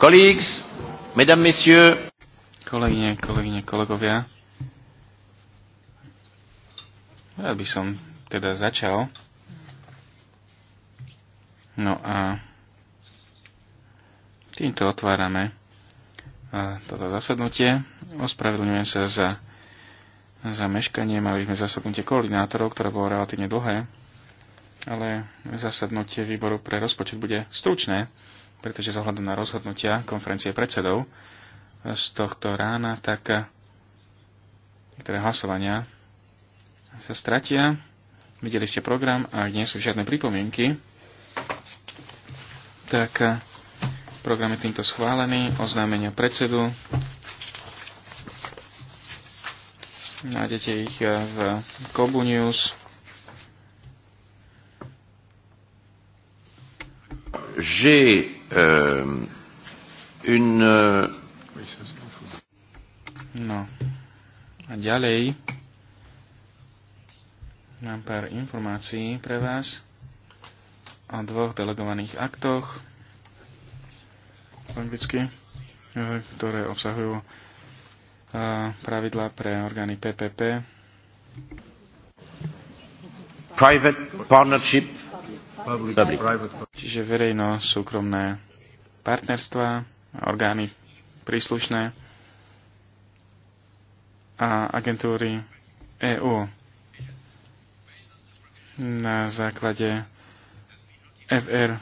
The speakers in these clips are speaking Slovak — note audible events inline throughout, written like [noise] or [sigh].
Colleagues, mesdames, messieurs. Kolegyne, kolegyne, kolegovia. Ja by som teda začal. No a týmto otvárame toto zasadnutie. Ospravedlňujem sa za, za meškanie. Mali sme zasadnutie koordinátorov, ktoré bolo relatívne dlhé, ale zasadnutie výboru pre rozpočet bude stručné pretože zohľadom na rozhodnutia konferencie predsedov eh, z tohto rána, tak eh, niektoré hlasovania sa stratia. Videli ste program a ak nie sú žiadne pripomienky, tak eh, program je týmto schválený, oznámenia predsedu. Nájdete ich v Kobu News. J'ai euh, une... Euh, no. A ďalej mám pár informácií pre vás o dvoch delegovaných aktoch anglicky, ktoré obsahujú uh, pravidla pre orgány PPP. Private Partnership Public, Čiže verejno-súkromné partnerstva, orgány príslušné a agentúry EÚ na základe FR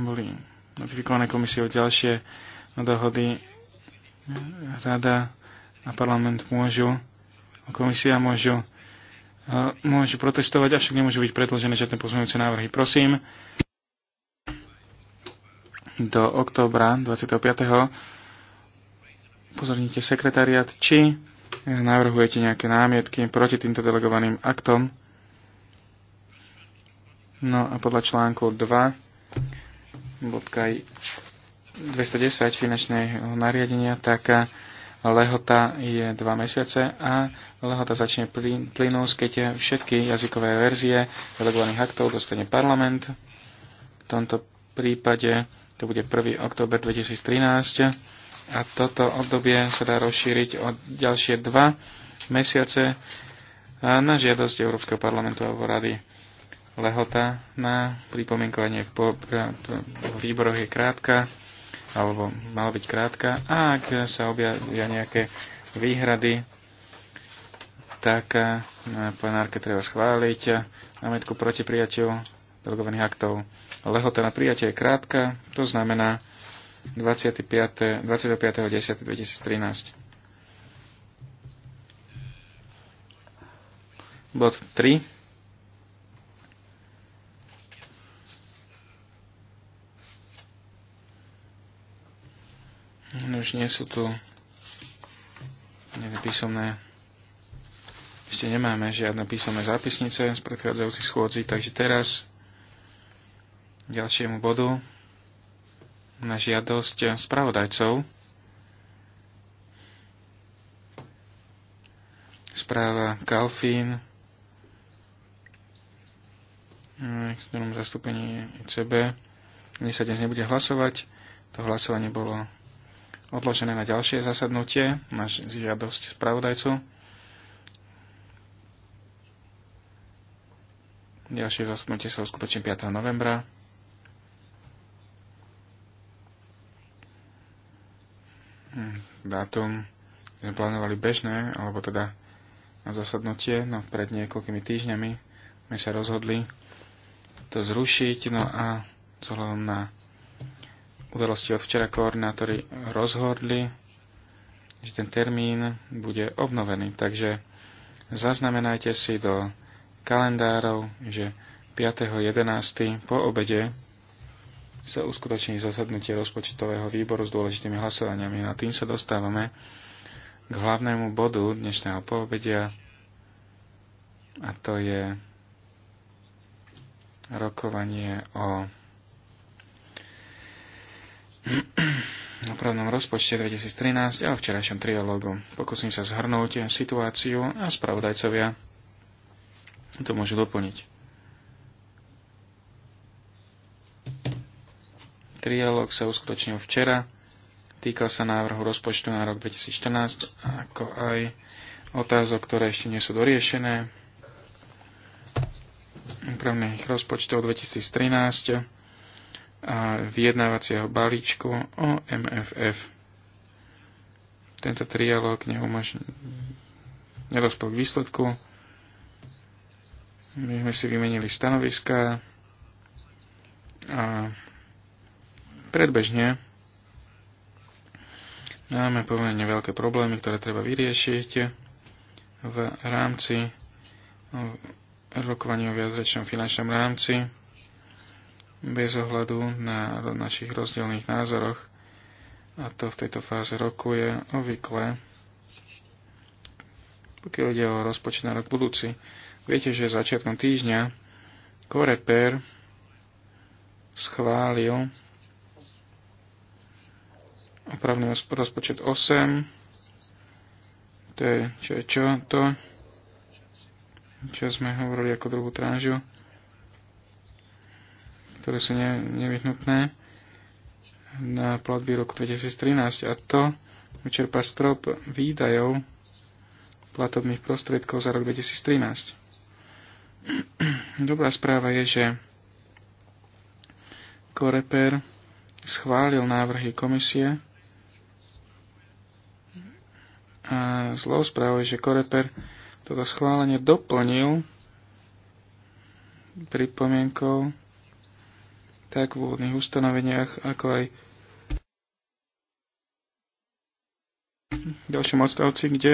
boli notifikované komisiou ďalšie dohody. Rada a parlament môžu, komisia môžu môžu protestovať, avšak nemôžu byť predložené žiadne pozmeňujúce návrhy. Prosím, do októbra 25. pozornite sekretariat, či navrhujete nejaké námietky proti týmto delegovaným aktom. No a podľa článku 2 bodka 210 finančného nariadenia, tak lehota je 2 mesiace a lehota začne plynúť, keď všetky jazykové verzie delegovaných aktov dostane parlament. V tomto prípade to bude 1. október 2013 a toto obdobie sa dá rozšíriť o ďalšie dva mesiace na žiadosť Európskeho parlamentu alebo rady. Lehota na pripomienkovanie v výboroch je krátka alebo mala byť krátka. A ak sa objavia nejaké výhrady, tak eh, na plenárke treba schváliť eh, námetku proti prijatiu delegovaných aktov. Lehota na prijatie je krátka, to znamená 25.10.2013. Bod 3. už nie sú tu písomné ešte nemáme žiadne písomné zápisnice z predchádzajúcich schôdzí, takže teraz ďalšiemu bodu na žiadosť spravodajcov správa Kalfín v eh, ktorom zastúpení ECB. Dnes sa dnes nebude hlasovať. To hlasovanie bolo odložené na ďalšie zasadnutie, na žiadosť spravodajcu. Ďalšie zasadnutie sa uskutoční 5. novembra. Hm, dátum sme plánovali bežné, alebo teda na zasadnutie, no pred niekoľkými týždňami sme sa rozhodli to zrušiť, no a vzhľadom na udalosti od včera koordinátori rozhodli, že ten termín bude obnovený. Takže zaznamenajte si do kalendárov, že 5.11. po obede sa uskutoční zasadnutie rozpočtového výboru s dôležitými hlasovaniami a tým sa dostávame k hlavnému bodu dnešného poobedia a to je rokovanie o opravnom rozpočte 2013 a včerajšom trialógu. Pokúsim sa zhrnúť situáciu a spravodajcovia to môžu doplniť. Trialóg sa uskutočnil včera, týkal sa návrhu rozpočtu na rok 2014, ako aj otázok, ktoré ešte nie sú doriešené, úpravných rozpočtov 2013 a vyjednávacieho balíčku o MFF. Tento trialog nedospol k výsledku. My sme si vymenili stanoviska a predbežne máme pomerne veľké problémy, ktoré treba vyriešiť v rámci rokovania o viacrečnom finančnom rámci bez ohľadu na našich rozdielných názoroch. A to v tejto fáze roku je obvykle, pokiaľ ide o rozpočet na rok budúci. Viete, že začiatkom týždňa Koreper schválil opravný rozpočet 8. To je čo, je čo to, čo sme hovorili ako druhú tranžu, ktoré sú ne, nevyhnutné na platby roku 2013 a to vyčerpa strop výdajov platobných prostriedkov za rok 2013. [clears throat] Dobrá správa je, že Koreper schválil návrhy komisie a zlou správou je, že Koreper toto schválenie doplnil pripomienkou tak v úvodných ustanoveniach, ako aj v ďalšom odstavci, kde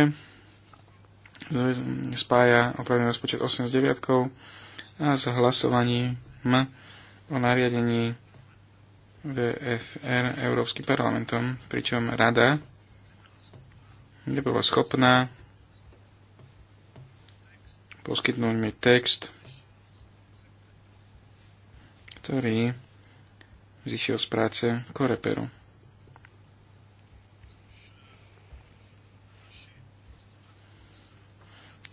spája opravný rozpočet 8 s 9 a s hlasovaním o nariadení VFR Európskym parlamentom, pričom rada nebola schopná poskytnúť mi text, ktorý zišiel z práce Koreperu.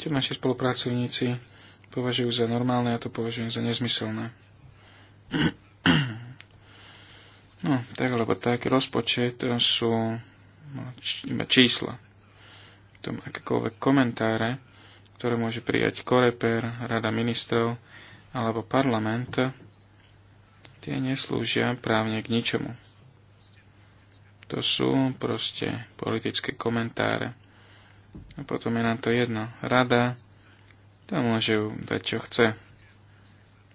Čo naši spolupracovníci považujú za normálne, ja to považujem za nezmyselné. [clears throat] No, tak alebo tak, rozpočet eh, sú no, iba čísla. Tom akékoľvek komentáre, ktoré môže prijať Koreper, Rada ministrov alebo parlament, tie neslúžia právne k ničomu. To sú proste politické komentáre. A potom je nám to jedno. Rada, tam môže dať čo chce.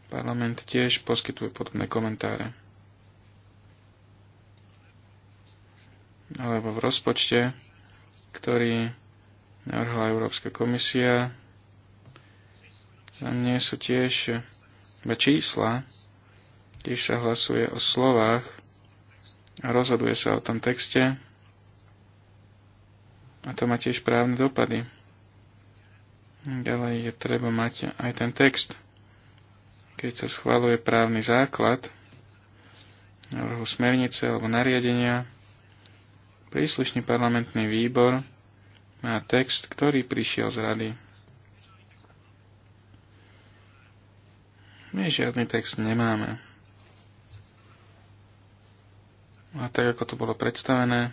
Parlament tiež poskytuje podobné komentáre. Alebo v rozpočte, ktorý navrhla Európska komisia, tam nie sú tiež iba čísla, tiež sa hlasuje o slovách a rozhoduje sa o tom texte a to má tiež právne dopady. Ďalej je treba mať aj ten text. Keď sa schváluje právny základ návrhu smernice alebo nariadenia, príslušný parlamentný výbor má text, ktorý prišiel z rady. My žiadny text nemáme. A tak ako to bolo predstavené,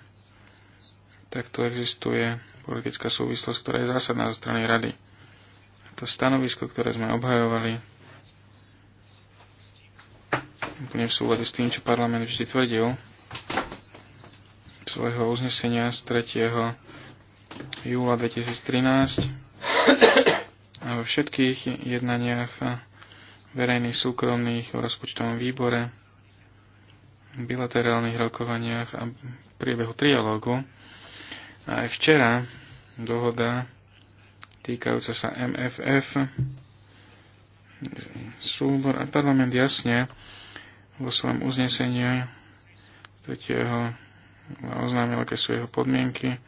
tak tu existuje politická súvislosť, ktorá je zásadná zo strany rady. A to stanovisko, ktoré sme obhajovali, úplne v súlade s tým, čo parlament vždy tvrdil, svojho uznesenia z 3. júla 2013 a vo všetkých jednaniach verejných súkromných o rozpočtovom výbore bilaterálnych rokovaniach a v priebehu trialógu. A aj včera dohoda týkajúca sa MFF súbor a parlament jasne vo svojom uznesení 3. oznámil, aké sú jeho podmienky,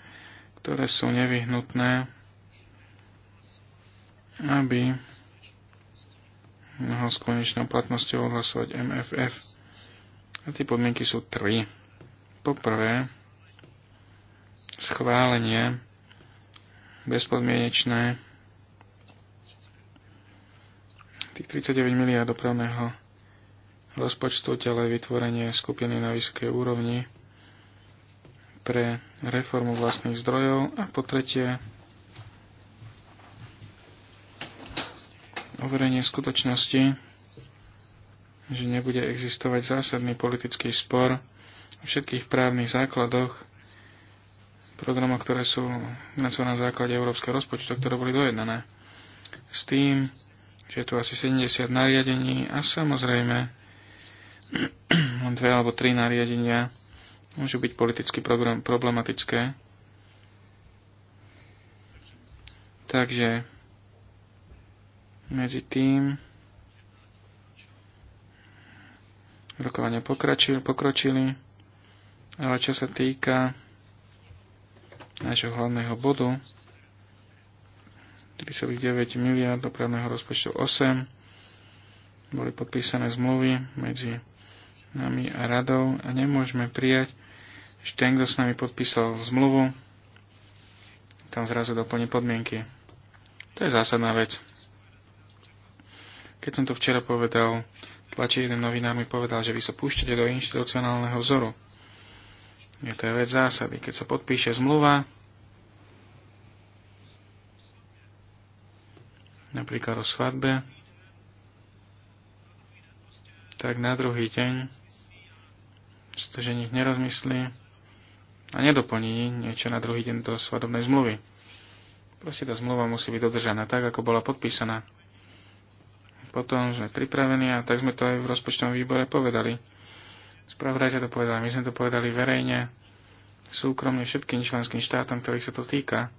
ktoré sú nevyhnutné, aby mohol s konečnou platnosťou odhlasovať MFF a tie podmienky sú tri. Poprvé, schválenie bezpodmienečné tých 39 miliard dopravného rozpočtu, ale vytvorenie skupiny na vysokej úrovni pre reformu vlastných zdrojov a po tretie overenie skutočnosti, že nebude existovať zásadný politický spor o všetkých právnych základoch programov, ktoré sú financované na základe európskeho rozpočtu, ktoré boli dojednané. S tým, že je tu asi 70 nariadení a samozrejme [clears throat] dve alebo tri nariadenia môžu byť politicky problematické. Takže medzi tým rokovania pokračili, pokročili, ale čo sa týka nášho hlavného bodu, 3,9 miliard dopravného rozpočtu 8, boli podpísané zmluvy medzi nami a radou a nemôžeme prijať, že ten, kto s nami podpísal zmluvu, tam zrazu doplní podmienky. To je zásadná vec. Keď som to včera povedal tlačí jeden novinár mi povedal, že vy sa púšťate do inštitucionálneho vzoru. Je to vec zásady. Keď sa podpíše zmluva, napríklad o svadbe, tak na druhý deň, že nich nerozmyslí a nedoplní niečo na druhý deň do svadobnej zmluvy. Proste tá zmluva musí byť dodržaná tak, ako bola podpísaná potom sme pripravení a tak sme to aj v rozpočtovom výbore povedali. Spravodajca to povedal, my sme to povedali verejne, súkromne všetkým členským štátom, ktorých sa to týka.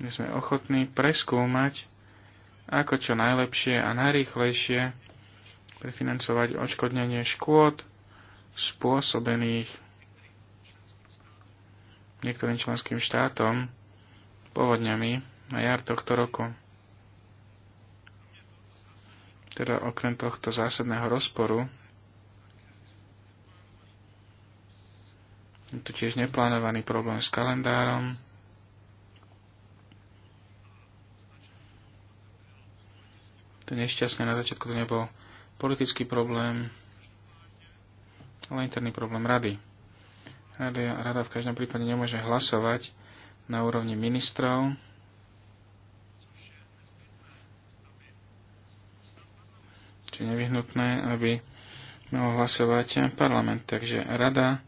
My sme ochotní preskúmať, ako čo najlepšie a najrýchlejšie prefinancovať odškodnenie škôd spôsobených niektorým členským štátom povodňami na jar tohto roku. Teda okrem tohto zásadného rozporu je tu tiež neplánovaný problém s kalendárom, to nešťastné na začiatku to nebol politický problém, ale interný problém rady. Rada, rada v každom prípade nemôže hlasovať na úrovni ministrov, Je nevyhnutné, aby mal hlasovať parlament. Takže rada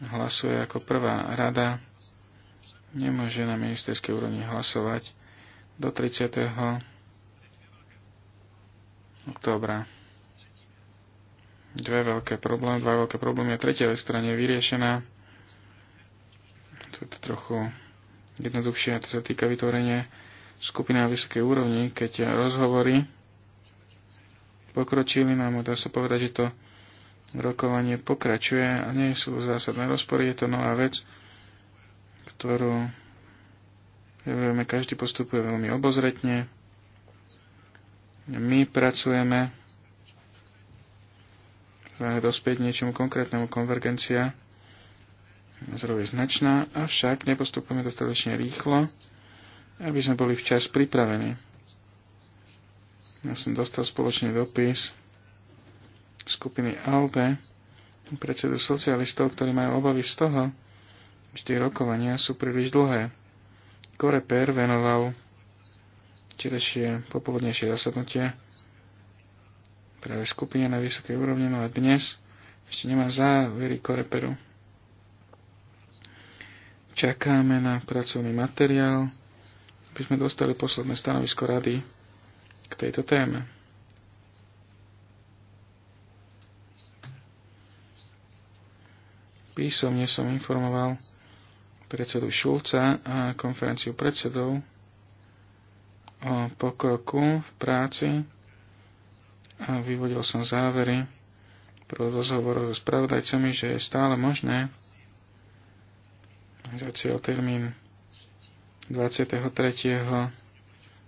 hlasuje ako prvá. Rada nemôže na ministerskej úrovni hlasovať do 30. októbra. Dve veľké problémy, dva veľké problémy a tretia vec, ktorá nie je vyriešená. To je to trochu jednoduchšie, to sa týka vytvorenia skupina na vysokej úrovni, keď rozhovory pokročili. máme dá sa povedať, že to rokovanie pokračuje a nie sú zásadné rozpory. Je to nová vec, ktorú vieme, každý postupuje veľmi obozretne. My pracujeme snahe dospieť niečomu konkrétnemu konvergencia zrovna je značná, avšak nepostupujeme dostatočne rýchlo, aby sme boli včas pripravení. Ja som dostal spoločný dopis skupiny ALDE, predsedu socialistov, ktorí majú obavy z toho, že tie rokovania sú príliš dlhé. Koreper venoval čerešie popoludnejšie zasadnutie práve skupine na vysokej úrovni, no a dnes ešte nemá závery Koreperu. Čakáme na pracovný materiál, aby sme dostali posledné stanovisko rady k tejto téme. Písomne som informoval predsedu Šulca a konferenciu predsedov o pokroku v práci a vyvodil som závery pro rozhovor so spravodajcami, že je stále možné za cieľ termín 23.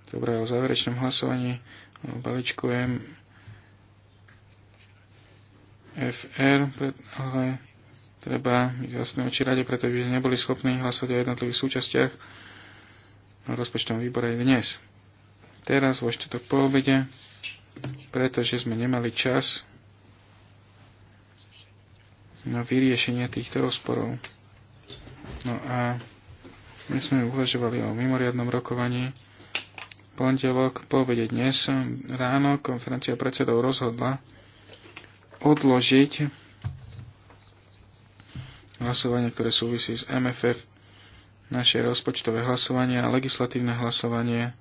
Dobre, o záverečnom hlasovaní o balíčku M FR, ale treba byť vlastne oči rade, pretože neboli schopní hlasovať o jednotlivých súčastiach na rozpočtovom výbore dnes. Teraz vo štetok po obede, pretože sme nemali čas na vyriešenie týchto rozporov. No a my sme uvažovali o mimoriadnom rokovaní pondelok povede dnes ráno konferencia predsedov rozhodla odložiť hlasovanie, ktoré súvisí s MFF, naše rozpočtové hlasovanie a legislatívne hlasovanie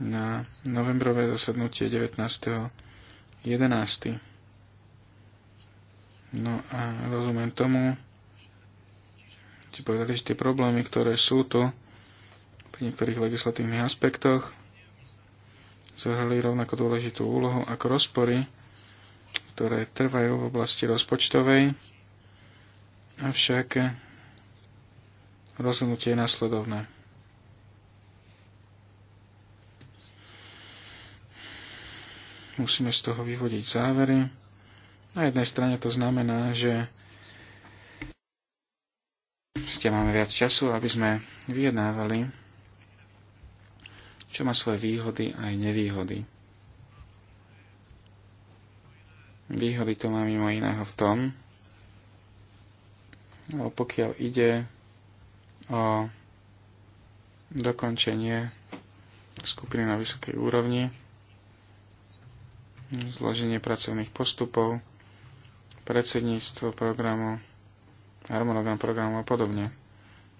na novembrové zasadnutie 19.11. No a rozumiem tomu, že povedali, že tie problémy, ktoré sú tu, pri niektorých legislatívnych aspektoch zohrali rovnako dôležitú úlohu ako rozpory, ktoré trvajú v oblasti rozpočtovej, avšak rozhodnutie je následovné. Musíme z toho vyvodiť závery. Na jednej strane to znamená, že ste máme viac času, aby sme vyjednávali čo má svoje výhody aj nevýhody. Výhody to má mimo iného v tom, lebo pokiaľ ide o dokončenie skupiny na vysokej úrovni, zloženie pracovných postupov, predsedníctvo programu, harmonogram programu a podobne.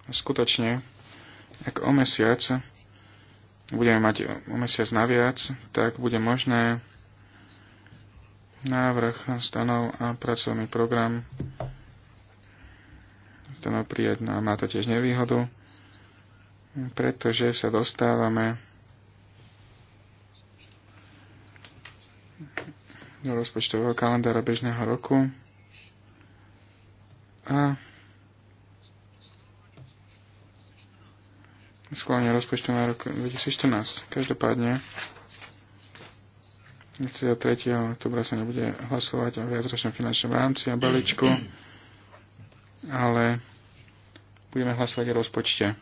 A skutočne, ak o mesiac budeme mať o mesiac naviac, tak bude možné návrh stanov a pracovný program stanov prijať. No, má to tiež nevýhodu, pretože sa dostávame do rozpočtového kalendára bežného roku a schválenia rozpočtu na rok 2014. Každopádne 23. oktobra sa nebude hlasovať o viacročnom finančnom rámci a balíčku, ale budeme hlasovať o rozpočte.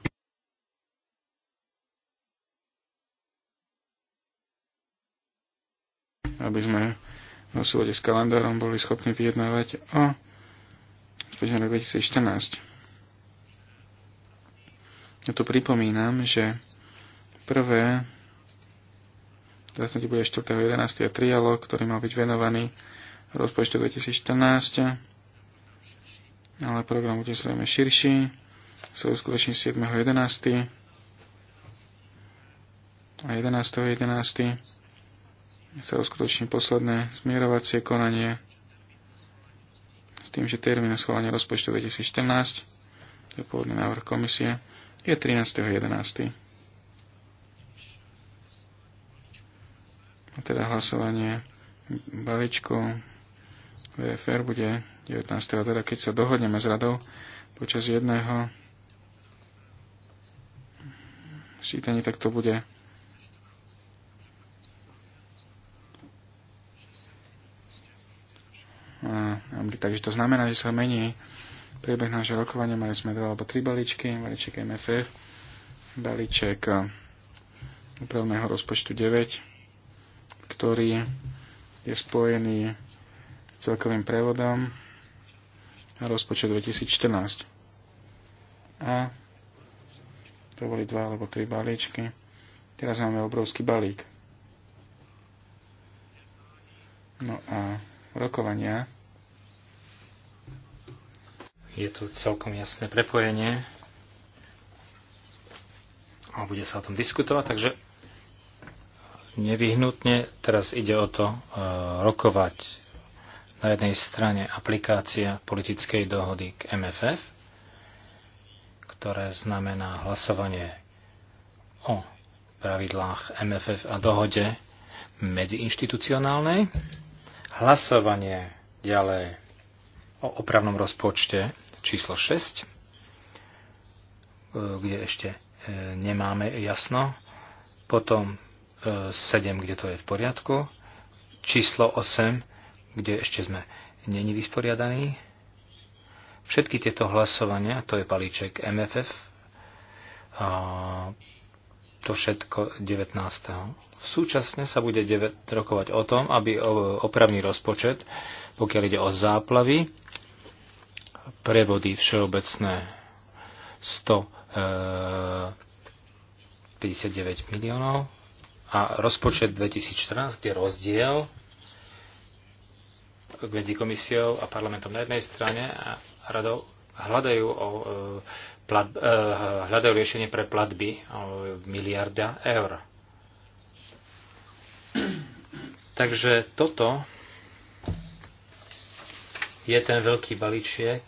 Aby sme v súlade s kalendárom boli schopní vyjednávať o rozpočte na 2014. Ja tu pripomínam, že prvé teraz bude 4.11. a trialog, ktorý mal byť venovaný rozpočtu 2014, ale program bude zrejme širší, sa skutočne 7.11. a 11.11. 11. sa uskutoční posledné zmierovacie konanie s tým, že termín schválenia rozpočtu 2014, to je pôvodný návrh komisie, je 13.11. Teda hlasovanie balíčku VFR bude 19. teda keď sa dohodneme s radou počas jedného sčítaní, tak to bude Takže to znamená, že sa mení priebeh nášho rokovania. Mali sme dva alebo tri balíčky, balíček MFF, balíček eh, úpravného rozpočtu 9, ktorý je spojený s celkovým prevodom a rozpočet 2014. A to boli dva alebo tri balíčky. Teraz máme obrovský balík. No a rokovania je tu celkom jasné prepojenie a bude sa o tom diskutovať, takže nevyhnutne teraz ide o to e, rokovať na jednej strane aplikácia politickej dohody k MFF, ktoré znamená hlasovanie o pravidlách MFF a dohode medziinštitucionálnej, hlasovanie ďalej o opravnom rozpočte číslo 6, e, kde ešte e, nemáme jasno. Potom 7, e, kde to je v poriadku. Číslo 8, kde ešte sme není vysporiadaní. Všetky tieto hlasovania, to je palíček MFF, a to všetko 19. Súčasne sa bude rokovať o tom, aby opravný rozpočet, pokiaľ ide o záplavy, prevody všeobecné 159 e, miliónov a rozpočet 2014, kde rozdiel medzi komisiou a parlamentom na jednej strane a radou hľadajú, o, e, plat, e, hľadajú riešenie pre platby o miliarda eur. Takže toto je ten veľký balíčiek,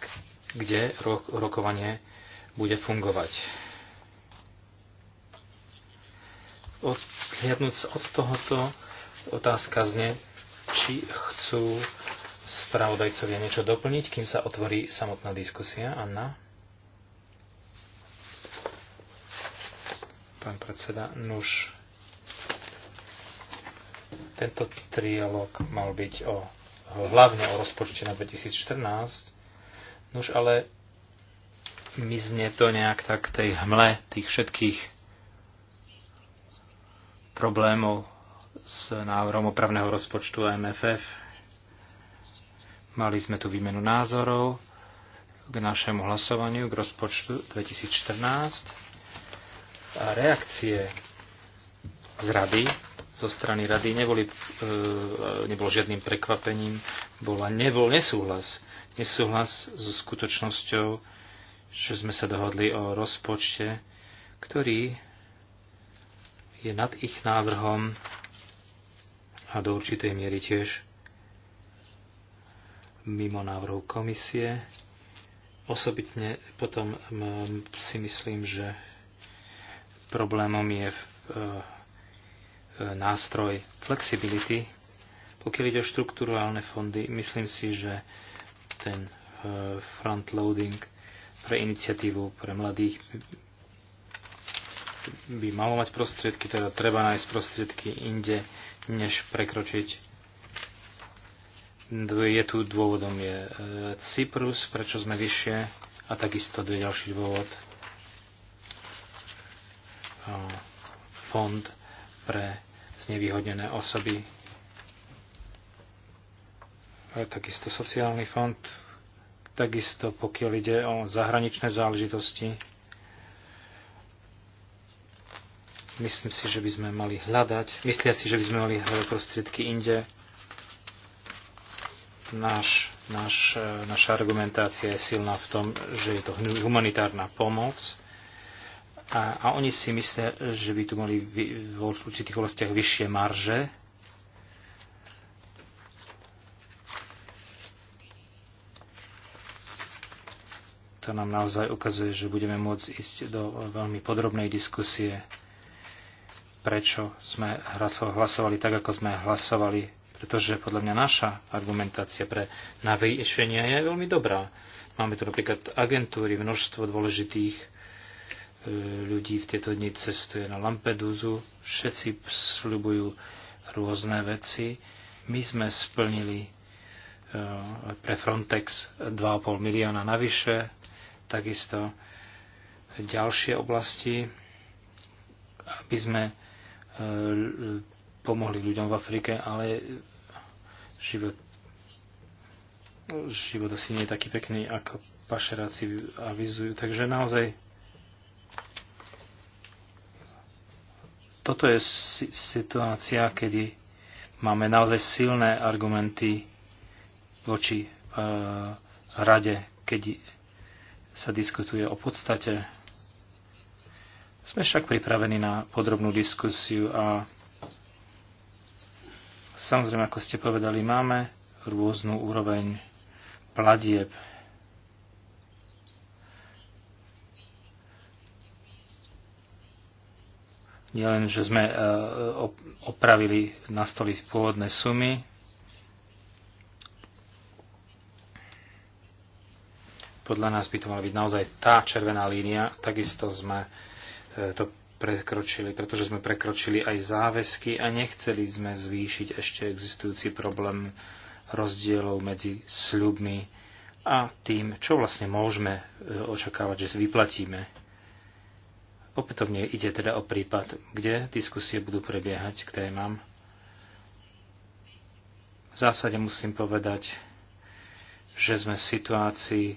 kde rok, rokovanie bude fungovať. Odhľadnúť od tohoto, otázka zne, či chcú spravodajcovia niečo doplniť, kým sa otvorí samotná diskusia. Anna? Pán predseda, nuž. Tento trialog mal byť o hlavne o rozpočte na 2014, nož ale mizne to nejak tak tej hmle tých všetkých problémov s návrhom opravného rozpočtu a MFF. Mali sme tu výmenu názorov k našemu hlasovaniu k rozpočtu 2014 a reakcie z rady zo strany rady neboli, e, nebol žiadnym prekvapením, bola, nebol nesúhlas. Nesúhlas so skutočnosťou, že sme sa dohodli o rozpočte, ktorý je nad ich návrhom a do určitej miery tiež mimo návrhu komisie. Osobitne potom si myslím, že problémom je v, e, nástroj flexibility. Pokiaľ ide o štruktúrálne fondy, myslím si, že ten e, frontloading pre iniciatívu pre mladých by malo mať prostriedky, teda treba nájsť prostriedky inde, než prekročiť. Je tu dôvodom je e, Cyprus, prečo sme vyššie, a takisto je ďalší dôvod. E, fond pre znevýhodnené osoby. Takisto sociálny fond, takisto pokiaľ ide o zahraničné záležitosti. Myslím si, že by sme mali hľadať, myslia si, že by sme mali hľadať prostriedky inde. Náš, náš, e, naša argumentácia je silná v tom, že je to humanitárna pomoc, a, a oni si myslia, že by tu mali v, v určitých oblastiach vyššie marže. To nám naozaj ukazuje, že budeme môcť ísť do veľmi podrobnej diskusie, prečo sme hlasovali tak, ako sme hlasovali, pretože podľa mňa naša argumentácia pre navýšenie je veľmi dobrá. Máme tu napríklad agentúry, množstvo dôležitých E, ľudí v tieto dni cestuje na Lampedúzu, všetci sľubujú rôzne veci. My sme splnili e, pre Frontex 2,5 milióna navyše, takisto ďalšie oblasti, aby sme e, pomohli ľuďom v Afrike, ale život, život asi nie je taký pekný, ako pašeráci avizujú. Takže naozaj Toto je situácia, kedy máme naozaj silné argumenty voči uh, rade, keď sa diskutuje o podstate. Sme však pripravení na podrobnú diskusiu a samozrejme, ako ste povedali, máme rôznu úroveň pladieb Nielen, že sme e, opravili na stoli pôvodné sumy, podľa nás by to mala byť naozaj tá červená línia, takisto sme e, to prekročili, pretože sme prekročili aj záväzky a nechceli sme zvýšiť ešte existujúci problém rozdielov medzi sľubmi a tým, čo vlastne môžeme e, očakávať, že vyplatíme. Opätovne ide teda o prípad, kde diskusie budú prebiehať k témam. V zásade musím povedať, že sme v situácii,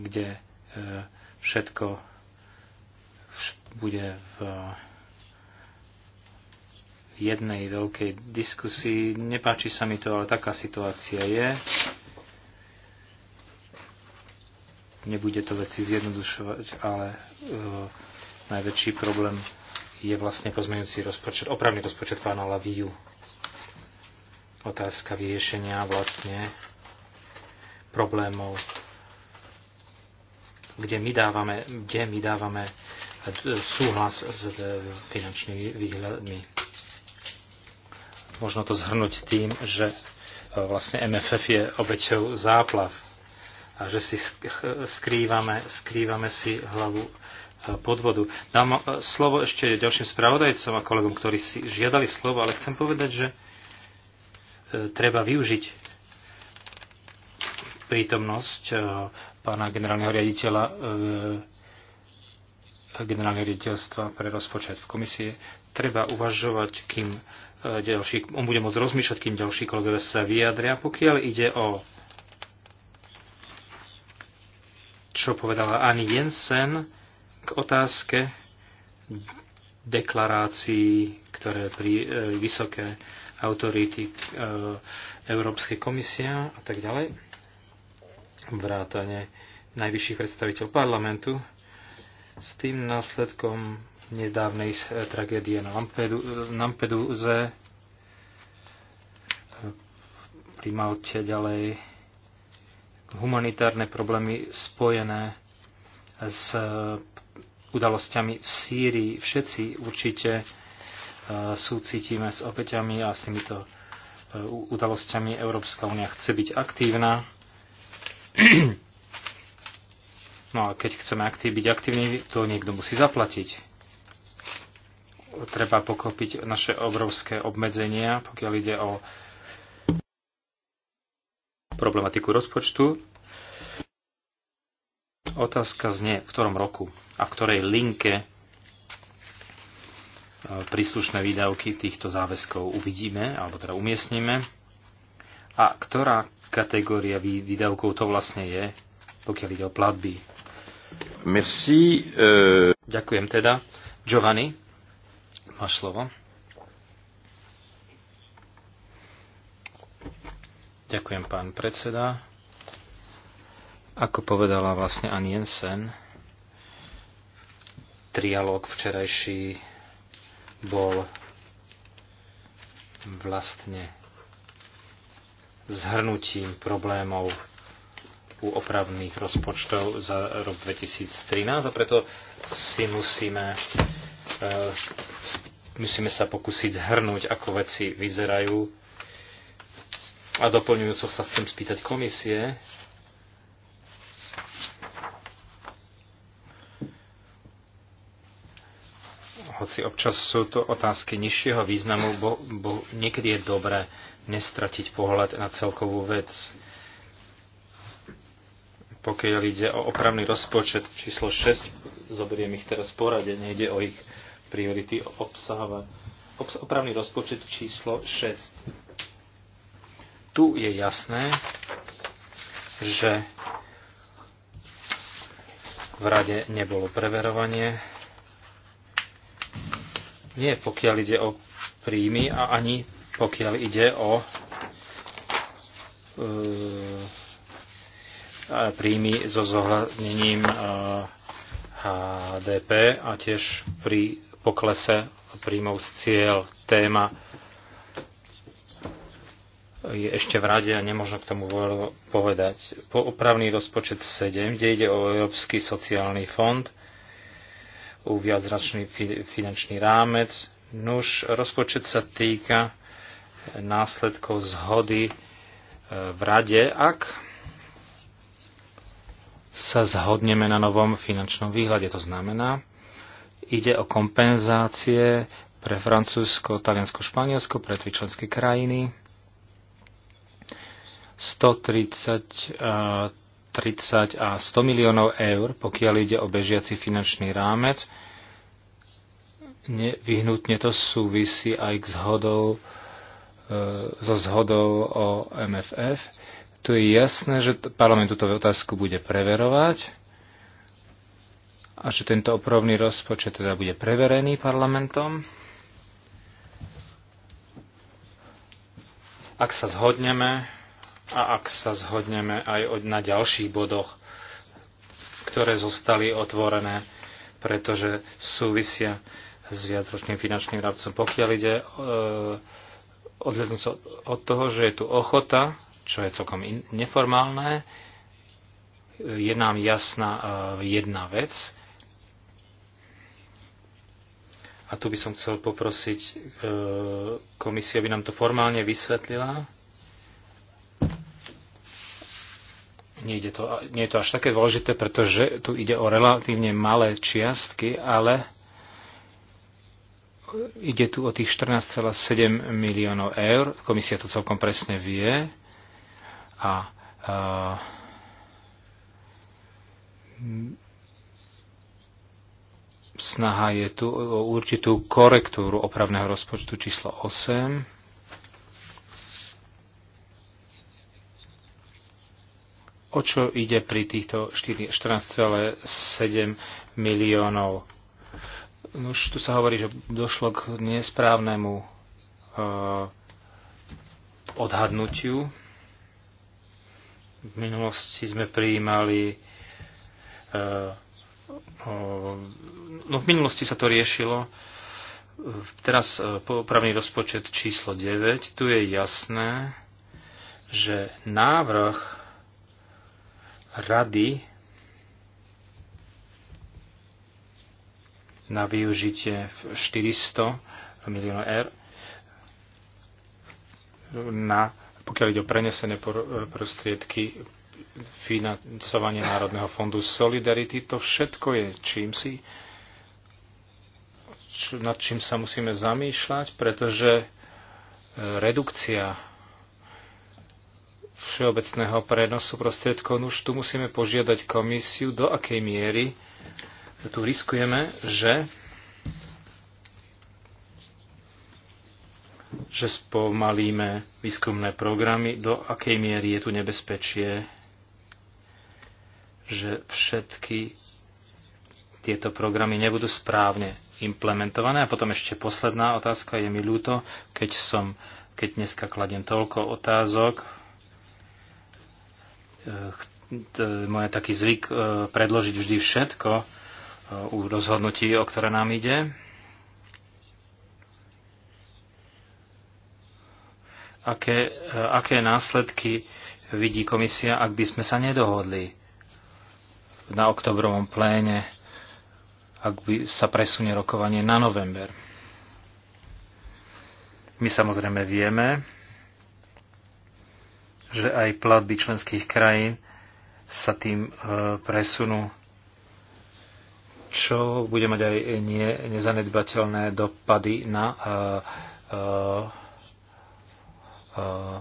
kde e, všetko bude v jednej veľkej diskusii. Nepáči sa mi to, ale taká situácia je. Nebude to veci zjednodušovať, ale e, Najväčší problém je vlastne pozmeňujúci rozpočet, opravný rozpočet pána Laviu. Otázka vyriešenia vlastne problémov, kde my dávame, kde my dávame súhlas s finančnými výhľadmi. Možno to zhrnúť tým, že e, vlastne MFF je obeťou záplav a že si skrývame, skrývame si hlavu E, podvodu. Dám e, slovo ešte ďalším spravodajcom a kolegom, ktorí si žiadali slovo, ale chcem povedať, že e, treba využiť prítomnosť pána generálneho riaditeľa generálneho riaditeľstva pre rozpočet v komisie. Treba uvažovať, kým ďalší, on bude môcť rozmýšľať, kým ďalší kolegovia sa vyjadria. Pokiaľ ide o čo povedala Ani Jensen, k otázke deklarácií, ktoré pri e, vysoké autority e, Európskej komisia a tak ďalej, vrátane najvyšších predstaviteľ parlamentu, s tým následkom nedávnej e, tragédie na Lampeduze, e, pri Malte ďalej, humanitárne problémy spojené s e, udalosťami v Sýrii. Všetci určite e, súcitíme s opäťami a s týmito e, udalosťami. Európska únia chce byť aktívna. [clears throat] No a keď chceme aktív, byť aktívni, to niekto musí zaplatiť treba pokopiť naše obrovské obmedzenia, pokiaľ ide o problematiku rozpočtu. Otázka znie, v ktorom roku a v ktorej linke e, príslušné výdavky týchto záväzkov uvidíme, alebo teda umiestnime. A ktorá kategória výdavkov to vlastne je, pokiaľ ide o platby. Merci. Uh... Ďakujem teda. Giovanni, máš slovo. Ďakujem, pán predseda. Ako povedala vlastne Ani Jensen, trialóg včerajší bol vlastne zhrnutím problémov u opravných rozpočtov za rok 2013 a preto si musíme, e, musíme sa pokúsiť zhrnúť, ako veci vyzerajú. A doplňujúco sa chcem spýtať komisie, hoci občas sú to otázky nižšieho významu, bo, bo niekedy je dobré nestratiť pohľad na celkovú vec. Pokiaľ ide o opravný rozpočet číslo 6, zoberiem ich teraz porade, nejde o ich priority obsahovať. Obs- opravný rozpočet číslo 6. Tu je jasné, že v rade nebolo preverovanie nie pokiaľ ide o príjmy a ani pokiaľ ide o e, príjmy so zohľadnením e, HDP a tiež pri poklese príjmov z cieľ téma je ešte v rade a nemôžno k tomu povedať. Po opravný rozpočet 7, kde ide o Európsky sociálny fond, u viacračný finančný rámec. Nuž, rozpočet sa týka následkov zhody e, v rade, ak sa zhodneme na novom finančnom výhľade. To znamená, ide o kompenzácie pre Francúzsko, Taliansko, Španielsko, pre tri členské krajiny. 133 30 a 100 miliónov eur, pokiaľ ide o bežiaci finančný rámec. Nevyhnutne to súvisí aj k zhodou, e, so zhodou o MFF. Tu je jasné, že parlament túto otázku bude preverovať a že tento opravný rozpočet teda bude preverený parlamentom. Ak sa zhodneme, a ak sa zhodneme aj na ďalších bodoch, ktoré zostali otvorené, pretože súvisia s viacročným finančným rámcom. Pokiaľ ide e, od toho, že je tu ochota, čo je celkom in, neformálne, je nám jasná e, jedna vec. A tu by som chcel poprosiť e, komisiu, aby nám to formálne vysvetlila, Nejde to, nie je to až také dôležité, pretože tu ide o relatívne malé čiastky, ale ide tu o tých 14,7 miliónov eur. Komisia to celkom presne vie. A, a snaha je tu o určitú korektúru opravného rozpočtu číslo 8 o čo ide pri týchto 14,7 miliónov. Už tu sa hovorí, že došlo k nesprávnemu eh, odhadnutiu. V minulosti sme prijímali eh, no v minulosti sa to riešilo teraz eh, popravný rozpočet číslo 9 tu je jasné že návrh rady na využitie 400 miliónov eur na, pokiaľ ide o prenesené prostriedky financovanie Národného fondu Solidarity. To všetko je čím si, nad čím sa musíme zamýšľať, pretože e, redukcia všeobecného prenosu prostriedkov. No už tu musíme požiadať komisiu, do akej miery tu riskujeme, že že spomalíme výskumné programy, do akej miery je tu nebezpečie, že všetky tieto programy nebudú správne implementované. A potom ešte posledná otázka, je mi ľúto, keď som, keď dneska kladiem toľko otázok, moje taký zvyk e, predložiť vždy všetko e, u rozhodnutí, o ktoré nám ide. Aké, e, aké následky vidí komisia, ak by sme sa nedohodli na oktobrovom pléne, ak by sa presunie rokovanie na november. My samozrejme vieme, že aj platby členských krajín sa tým e, presunú, čo bude mať aj nie, nezanedbateľné dopady na uh, uh,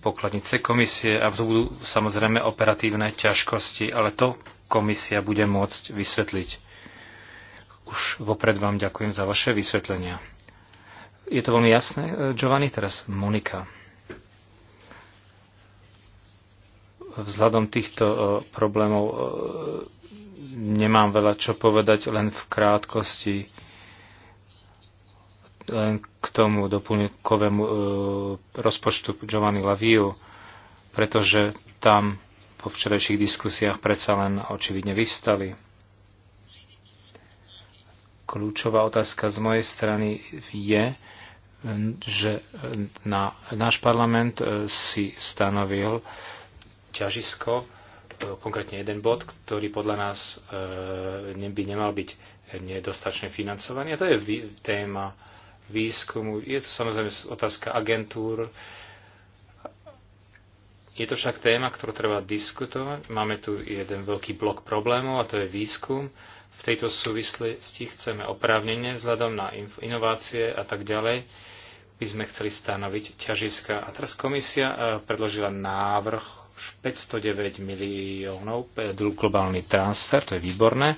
pokladnice komisie a to budú samozrejme operatívne ťažkosti, ale to komisia bude môcť vysvetliť. Už vopred vám ďakujem za vaše vysvetlenia. Je to veľmi jasné, Giovanni? Teraz Monika. Vzhľadom týchto e, problémov e, nemám veľa čo povedať, len v krátkosti len k tomu doplňkovému e, rozpočtu Giovanni Laviu, pretože tam po včerajších diskusiách predsa len očividne vyvstali. Kľúčová otázka z mojej strany je, že na, náš parlament si stanovil ťažisko, e, konkrétne jeden bod, ktorý podľa nás e, by nemal byť nedostačne financovaný. A to je téma výskumu. Je to samozrejme otázka agentúr. Je to však téma, ktorú treba diskutovať. Máme tu jeden veľký blok problémov a to je výskum. V tejto súvislosti chceme oprávnenie vzhľadom na inovácie a tak ďalej by sme chceli stanoviť ťažiska. A teraz komisia e, predložila návrh už 509 miliónov e, globálny transfer, to je výborné.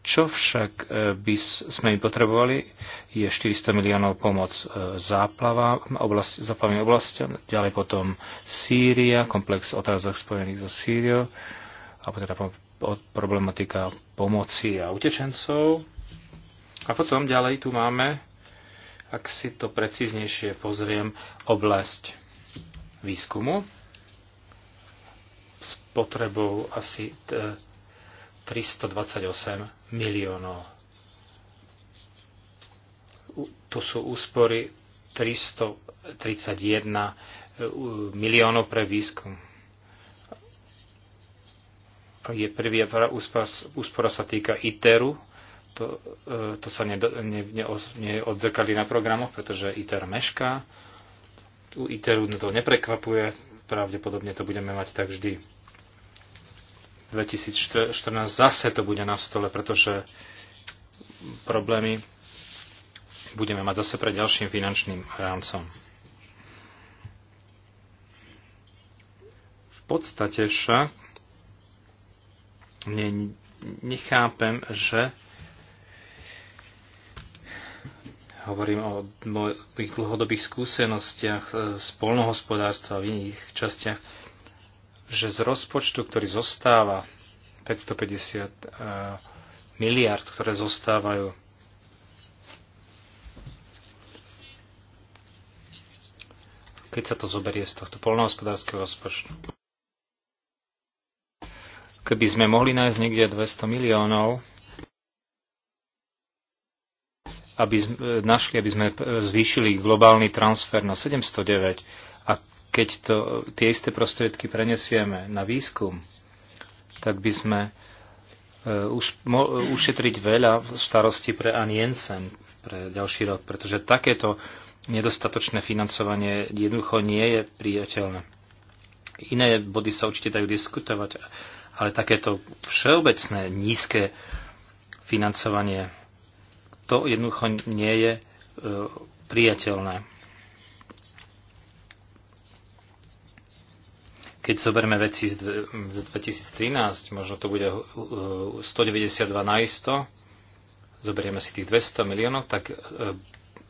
Čo však e, by sme im potrebovali, je 400 miliónov pomoc e, záplavám, oblast, oblastiam, ďalej potom Sýria, komplex otázok spojených so Sýriou, a teda problematika pomoci a utečencov. A potom ďalej tu máme, ak si to precíznejšie pozriem, oblasť výskumu s potrebou asi 328 miliónov. Tu sú úspory 331 e, miliónov pre výskum. Je prvý úspora, úspora sa týka ITERu, to, e, to sa neodzrkali ne, ne, ne na programoch, pretože ITER mešká. U ITERu to neprekvapuje, pravdepodobne to budeme mať tak vždy. 2014 zase to bude na stole, pretože problémy budeme mať zase pre ďalším finančným rámcom. V podstate však ne, nechápem, že hovorím o mojich dlhodobých skúsenostiach e, z polnohospodárstva v iných častiach že z rozpočtu, ktorý zostáva 550 e, miliard, ktoré zostávajú keď sa to zoberie z tohto polnohospodárskeho rozpočtu. Keby sme mohli nájsť niekde 200 miliónov, aby e, našli, aby sme e, zvýšili globálny transfer na 709, keď to, tie isté prostriedky prenesieme na výskum, tak by sme e, už, mo, e, ušetriť veľa starosti pre Ann Jensen pre ďalší rok, pretože takéto nedostatočné financovanie jednoducho nie je priateľné. Iné body sa určite dajú diskutovať, ale takéto všeobecné nízke financovanie, to jednoducho nie je e, priateľné. Keď zoberme veci z 2013, možno to bude 192 eh, na isto, zoberieme si tých 200 miliónov, tak eh,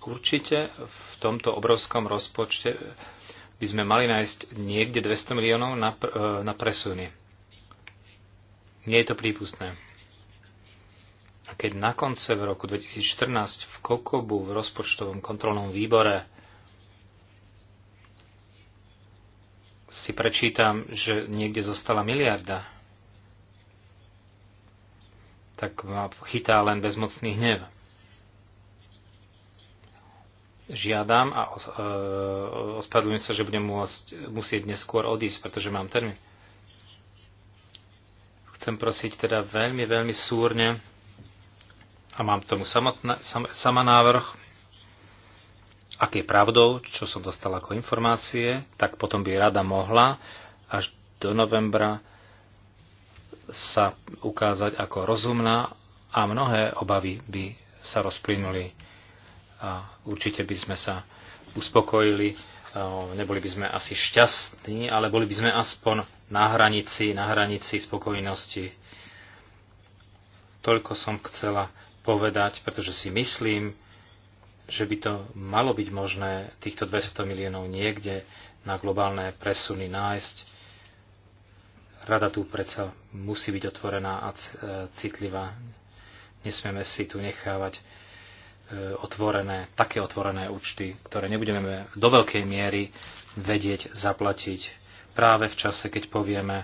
určite v tomto obrovskom rozpočte by sme mali nájsť niekde 200 miliónov na, eh, na presuny. Nie je to prípustné. A keď na konce v roku 2014 v Kokobu v rozpočtovom kontrolnom výbore si prečítam, že niekde zostala miliarda, tak ma chytá len bezmocný hnev. Žiadam a os- e, ospravedlňujem sa, že budem môcť, musieť neskôr odísť, pretože mám termín. Chcem prosiť teda veľmi, veľmi súrne a mám k tomu samotná, sam, sama návrh, ak je pravdou, čo som dostal ako informácie, tak potom by rada mohla až do novembra sa ukázať ako rozumná a mnohé obavy by sa rozplynuli a určite by sme sa uspokojili, neboli by sme asi šťastní, ale boli by sme aspoň na hranici, na hranici spokojnosti. Toľko som chcela povedať, pretože si myslím, že by to malo byť možné týchto 200 miliónov niekde na globálne presuny nájsť. Rada tu predsa musí byť otvorená a e, citlivá. Nesmieme si tu nechávať e, otvorené, také otvorené účty, ktoré nebudeme do veľkej miery vedieť zaplatiť práve v čase, keď povieme,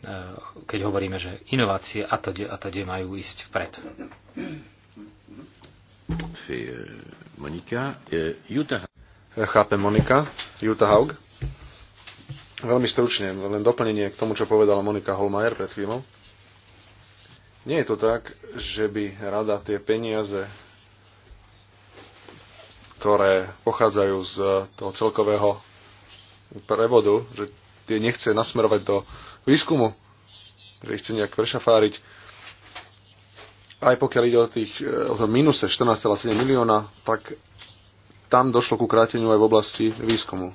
e, keď hovoríme, že inovácie a to, a to majú ísť vpred. Eh, Monika. Eh, eh, chápem Monika. Juta Haug. Veľmi stručne, len doplnenie k tomu, čo povedala Monika Holmajer pred chvíľou. Nie je to tak, že by rada tie peniaze, ktoré pochádzajú z toho celkového prevodu, že tie nechce nasmerovať do výskumu, že ich chce nejak prešafáriť aj pokiaľ ide o, tých, e, o tom minuse 14,7 milióna, tak tam došlo ku kráteniu aj v oblasti výskumu.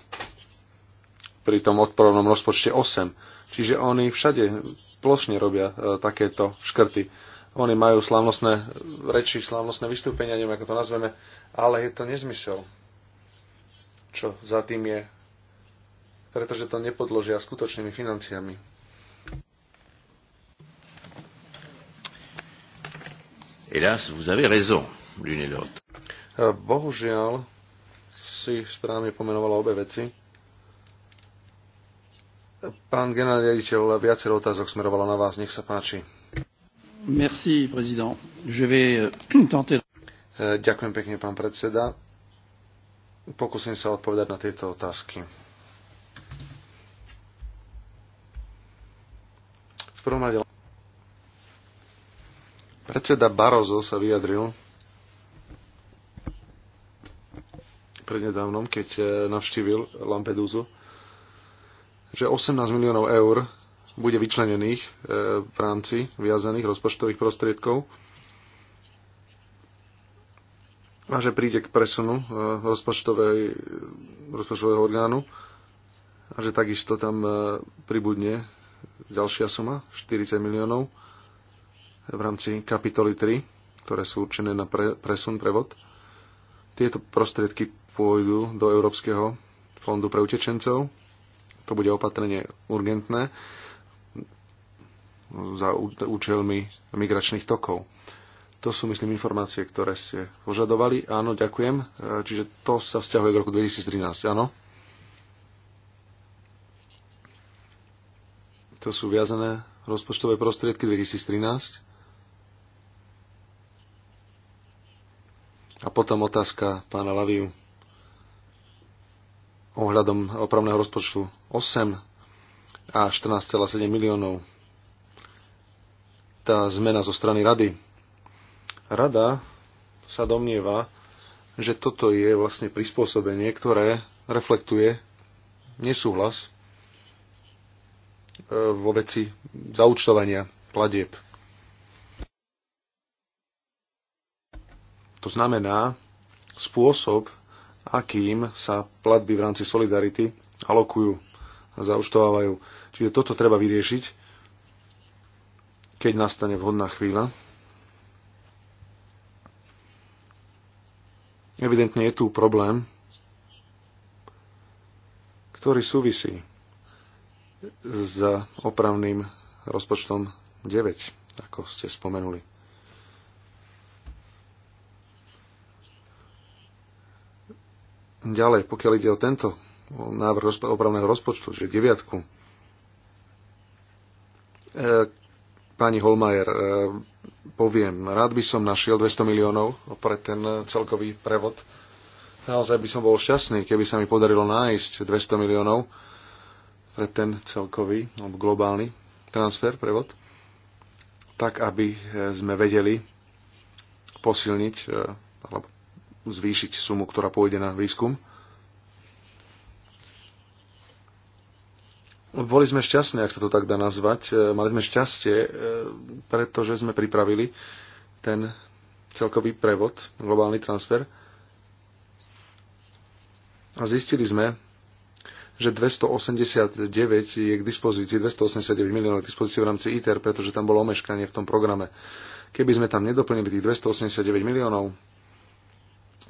Pri tom odporovnom rozpočte 8. Čiže oni všade plošne robia e, takéto škrty. Oni majú slávnostné reči, slávnostné vystúpenia, neviem ako to nazveme, ale je to nezmysel, čo za tým je, pretože to nepodložia skutočnými financiami. Hélas, vous avez raison, l'une et l'autre. Bohužiaľ, si správne pomenovala obe veci. Pán generál riaditeľ, viacero otázok smerovala na vás. Nech sa páči. Merci, prezident. Je vais euh, [clears throat] tenter... Eh, ďakujem pekne, pán predseda. Pokúsim sa odpovedať na tieto otázky. V prvom rade Predseda Barozo sa vyjadril prednedávnom, keď e, navštívil Lampedúzu, že 18 miliónov eur bude vyčlenených e, v rámci viazaných rozpočtových prostriedkov a že príde k presunu e, rozpočtového orgánu a že takisto tam pribudne ďalšia suma 40 miliónov v rámci kapitoly 3, ktoré sú určené na pre, presun, prevod. Tieto prostriedky pôjdu do Európskeho fondu pre utečencov. To bude opatrenie urgentné za účelmi migračných tokov. To sú, myslím, informácie, ktoré ste požadovali. Áno, ďakujem. E, čiže to sa vzťahuje k roku 2013, áno? To sú viazané rozpočtové prostriedky 2013. potom otázka pána Laviu ohľadom opravného rozpočtu 8 a 14,7 miliónov. Tá zmena zo strany rady. Rada sa domnieva, že toto je vlastne prispôsobenie, ktoré reflektuje nesúhlas e, vo veci zaučtovania pladieb To znamená spôsob, akým sa platby v rámci Solidarity alokujú, zauštovávajú. Čiže toto treba vyriešiť, keď nastane vhodná chvíľa. Evidentne je tu problém, ktorý súvisí s opravným rozpočtom 9, ako ste spomenuli. Ďalej, pokiaľ ide o tento o návrh opravného rozpočtu, že deviatku, e, pani Holmajer, e, poviem, rád by som našiel 200 miliónov pre ten celkový prevod. Naozaj by som bol šťastný, keby sa mi podarilo nájsť 200 miliónov pre ten celkový alebo globálny transfer, prevod, tak aby e, sme vedeli posilniť e, alebo zvýšiť sumu, ktorá pôjde na výskum. Boli sme šťastní, ak sa to tak dá nazvať. E, mali sme šťastie, e, pretože sme pripravili ten celkový prevod, globálny transfer. A zistili sme, že 289 je k dispozícii, 289 miliónov k dispozícii v rámci ITER, pretože tam bolo omeškanie v tom programe. Keby sme tam nedoplnili tých 289 miliónov,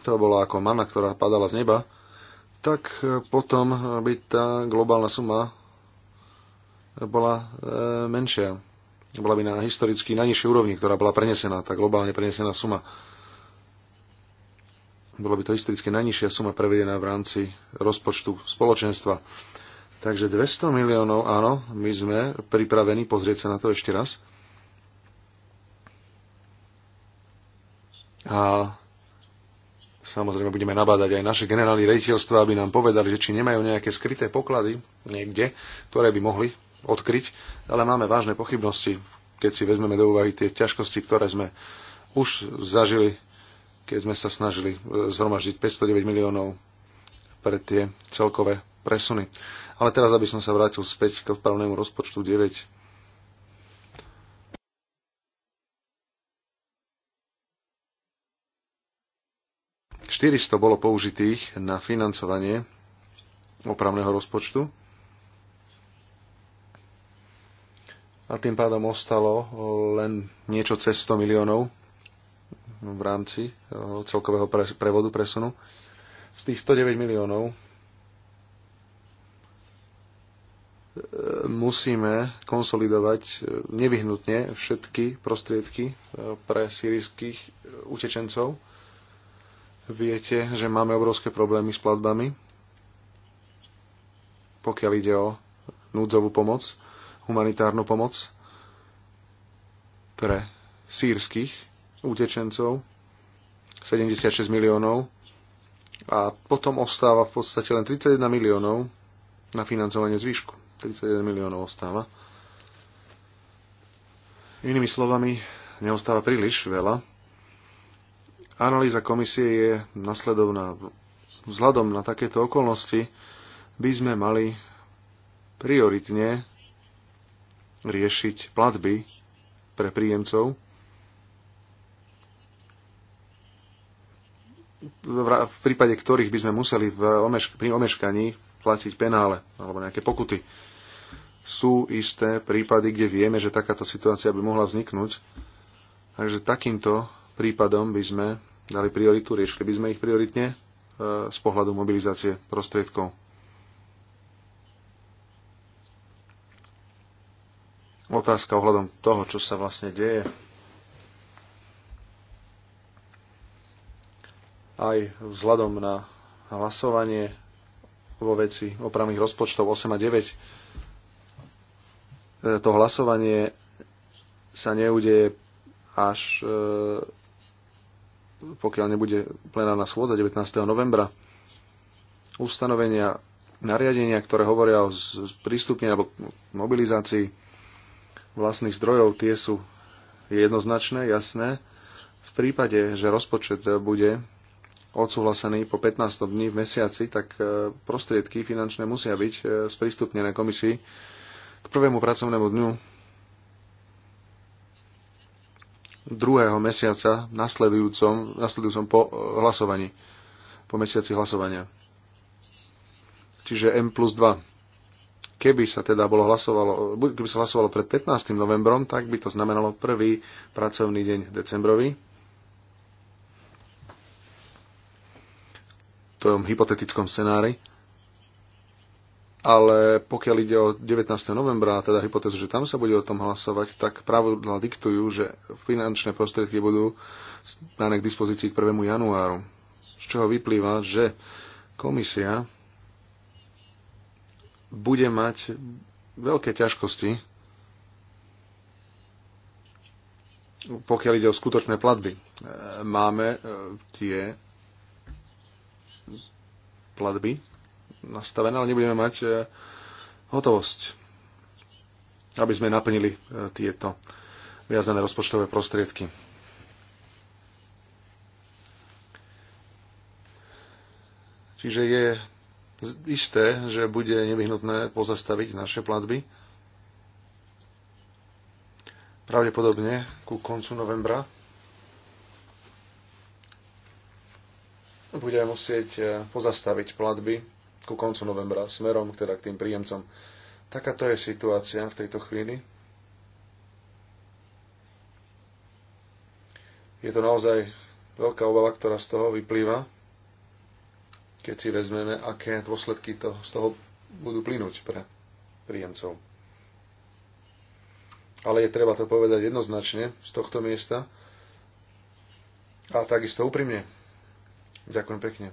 to bola ako mana, ktorá padala z neba, tak e, potom e, by tá globálna suma bola e, menšia. Bola by na historicky najnižšej úrovni, ktorá bola prenesená, tá globálne prenesená suma. Bola by to historicky najnižšia suma prevedená v rámci rozpočtu spoločenstva. Takže 200 miliónov, áno, my sme pripravení pozrieť sa na to ešte raz. A Samozrejme budeme nabádať aj naše generálne rejiteľstva, aby nám povedali, že či nemajú nejaké skryté poklady niekde, ktoré by mohli odkryť, ale máme vážne pochybnosti, keď si vezmeme do úvahy tie ťažkosti, ktoré sme už zažili, keď sme sa snažili e, zhromaždiť 509 miliónov pre tie celkové presuny. Ale teraz, aby som sa vrátil späť k odpravnému rozpočtu 9 400 bolo použitých na financovanie opravného rozpočtu. A tým pádom ostalo eh, len niečo cez 100 miliónov v rámci eh, celkového prevodu presunu. Z tých 109 miliónov eh, musíme konsolidovať nevyhnutne všetky prostriedky pre sírijských utečencov Viete, že máme obrovské problémy s platbami, pokiaľ ide o núdzovú pomoc, humanitárnu pomoc pre sírskych utečencov, 76 miliónov a potom ostáva v podstate len 31 miliónov na financovanie zvýšku. 31 miliónov ostáva. Inými slovami, neostáva príliš veľa Analýza komisie je nasledovná. Vzhľadom na takéto okolnosti by sme mali prioritne riešiť platby pre príjemcov. v prípade ktorých by sme museli v omešk- pri omeškaní platiť penále alebo nejaké pokuty. Sú isté prípady, kde vieme, že takáto situácia by mohla vzniknúť. Takže takýmto prípadom by sme dali prioritu, riešili by sme ich prioritne e, z pohľadu mobilizácie prostriedkov. Otázka ohľadom toho, čo sa vlastne deje. Aj vzhľadom na hlasovanie vo veci opravných rozpočtov 8 a 9. E, to hlasovanie sa neudeje až e, pokiaľ nebude plenárna schôdza 19. novembra, ustanovenia, nariadenia, ktoré hovoria o prístupne alebo mobilizácii vlastných zdrojov, tie sú jednoznačné, jasné. V prípade, že rozpočet bude odsúhlasený po 15 dní v mesiaci, tak e, prostriedky finančné musia byť e, sprístupnené komisii k prvému pracovnému dňu druhého mesiaca nasledujúcom, nasledujúcom po eh, hlasovaní, po mesiaci hlasovania. Čiže M plus 2. Keby sa teda bolo hlasovalo, keby sa hlasovalo pred 15. novembrom, tak by to znamenalo prvý pracovný deň decembrový. V tom hypotetickom scenári ale pokiaľ ide o 19. novembra, teda hypotézu, že tam sa bude o tom hlasovať, tak pravidla diktujú, že finančné prostriedky budú dané k dispozícii k 1. januáru. Z čoho vyplýva, že komisia bude mať veľké ťažkosti, pokiaľ ide o skutočné platby. E, máme e, tie platby, nastavené, ale nebudeme mať e, hotovosť, aby sme naplnili e, tieto viazané rozpočtové prostriedky. Čiže je isté, že bude nevyhnutné pozastaviť naše platby. Pravdepodobne ku koncu novembra budeme musieť e, pozastaviť platby ku koncu novembra smerom teda k tým príjemcom. Takáto je situácia v tejto chvíli. Je to naozaj veľká obava, ktorá z toho vyplýva, keď si vezmeme, aké dôsledky to, z toho budú plynúť pre príjemcov. Ale je treba to povedať jednoznačne z tohto miesta a takisto úprimne. Ďakujem pekne.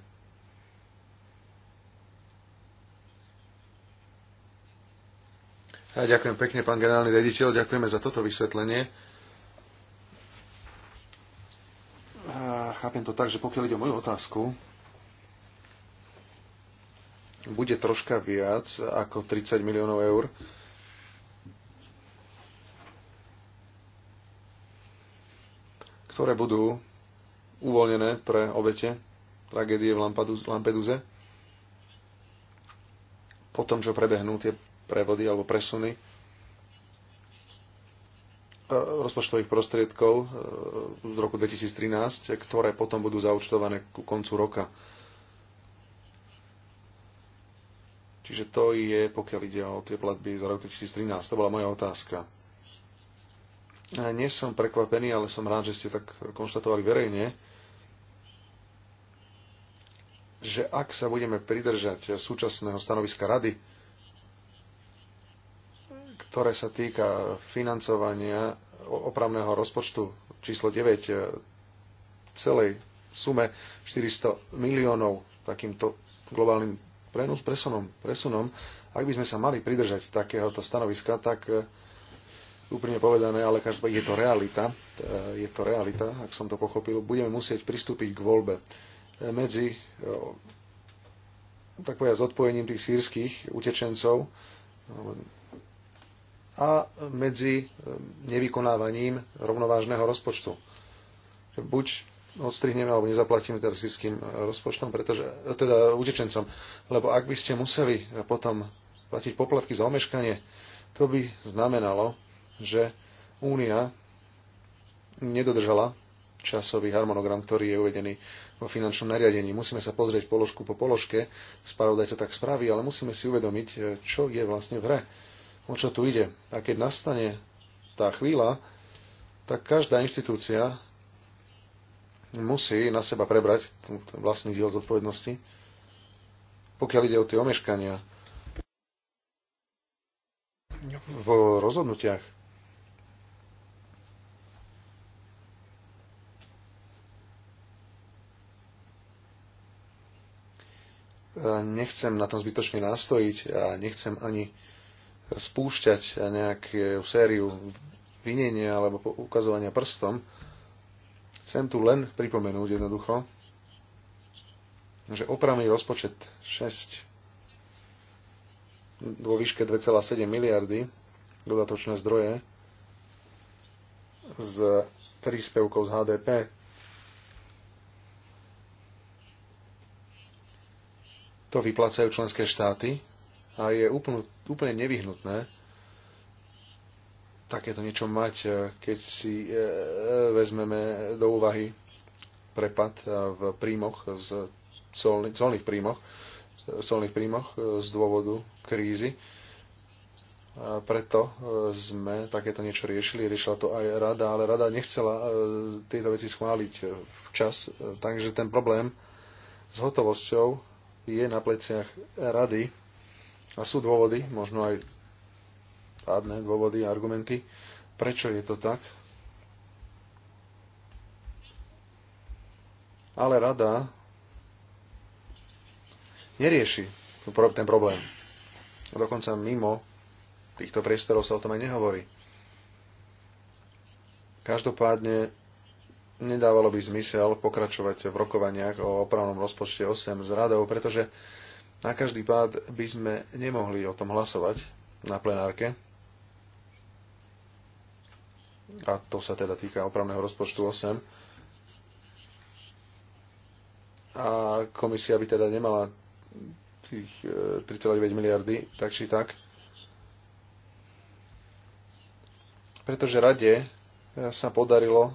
Ja ďakujem pekne, pán generálny rediteľ, ďakujeme za toto vysvetlenie. chápem to tak, že pokiaľ ide o moju otázku, bude troška viac ako 30 miliónov eur. ktoré budú uvoľnené pre obete tragédie v Lampeduze po tom, čo prebehnú tie prevody alebo presuny e, rozpočtových prostriedkov e, z roku 2013, ktoré potom budú zaučtované ku koncu roka. Čiže to je, pokiaľ ide o tie platby z roku 2013. To bola moja otázka. Nie som prekvapený, ale som rád, že ste tak konštatovali verejne, že ak sa budeme pridržať súčasného stanoviska rady, ktoré sa týka financovania opravného rozpočtu číslo 9 e, celej sume 400 miliónov takýmto globálnym presunom, presunom, ak by sme sa mali pridržať takéhoto stanoviska, tak e, úprimne povedané, ale každopádne je to realita, e, je to realita, ak som to pochopil, budeme musieť pristúpiť k voľbe medzi tak povedať, odpojením tých sírskych utečencov, a medzi eh, nevykonávaním rovnovážneho rozpočtu. Buď odstrihneme alebo nezaplatíme teroristickým eh, rozpočtom, pretože, eh, teda utečencom. Lebo ak by ste museli potom platiť poplatky za omeškanie, to by znamenalo, že Únia nedodržala časový harmonogram, ktorý je uvedený vo finančnom nariadení. Musíme sa pozrieť položku po položke, spravodajca tak spraví, ale musíme si uvedomiť, čo je vlastne v hre o čo tu ide. A keď nastane tá chvíľa, tak každá inštitúcia musí na seba prebrať vlastný diel zodpovednosti, pokiaľ ide o tie omeškania v rozhodnutiach. Nechcem na tom zbytočne nastojiť a nechcem ani spúšťať nejakú sériu vinenia alebo ukazovania prstom. Chcem tu len pripomenúť jednoducho, že opravný rozpočet 6 vo výške 2,7 miliardy dodatočné zdroje z príspevkov z HDP to vyplácajú členské štáty a je úplne, úplne nevyhnutné takéto niečo mať, e, keď si e, e, vezmeme do úvahy prepad v príjmoch, z colných, colných príjmoch, colných príjmoch z dôvodu krízy. A preto sme takéto niečo riešili, riešila to aj rada, ale rada nechcela tieto veci schváliť včas, takže ten problém s hotovosťou je na pleciach rady a sú dôvody, možno aj pádne dôvody a argumenty, prečo je to tak. Ale rada nerieši ten problém. Dokonca mimo týchto priestorov sa o tom aj nehovorí. Každopádne nedávalo by zmysel pokračovať v rokovaniach o opravnom rozpočte 8 s radou, pretože na každý pád by sme nemohli o tom hlasovať na plenárke. A to sa teda týka opravného rozpočtu 8. A komisia by teda nemala tých 3,9 e, miliardy, tak či tak. Pretože rade e, sa podarilo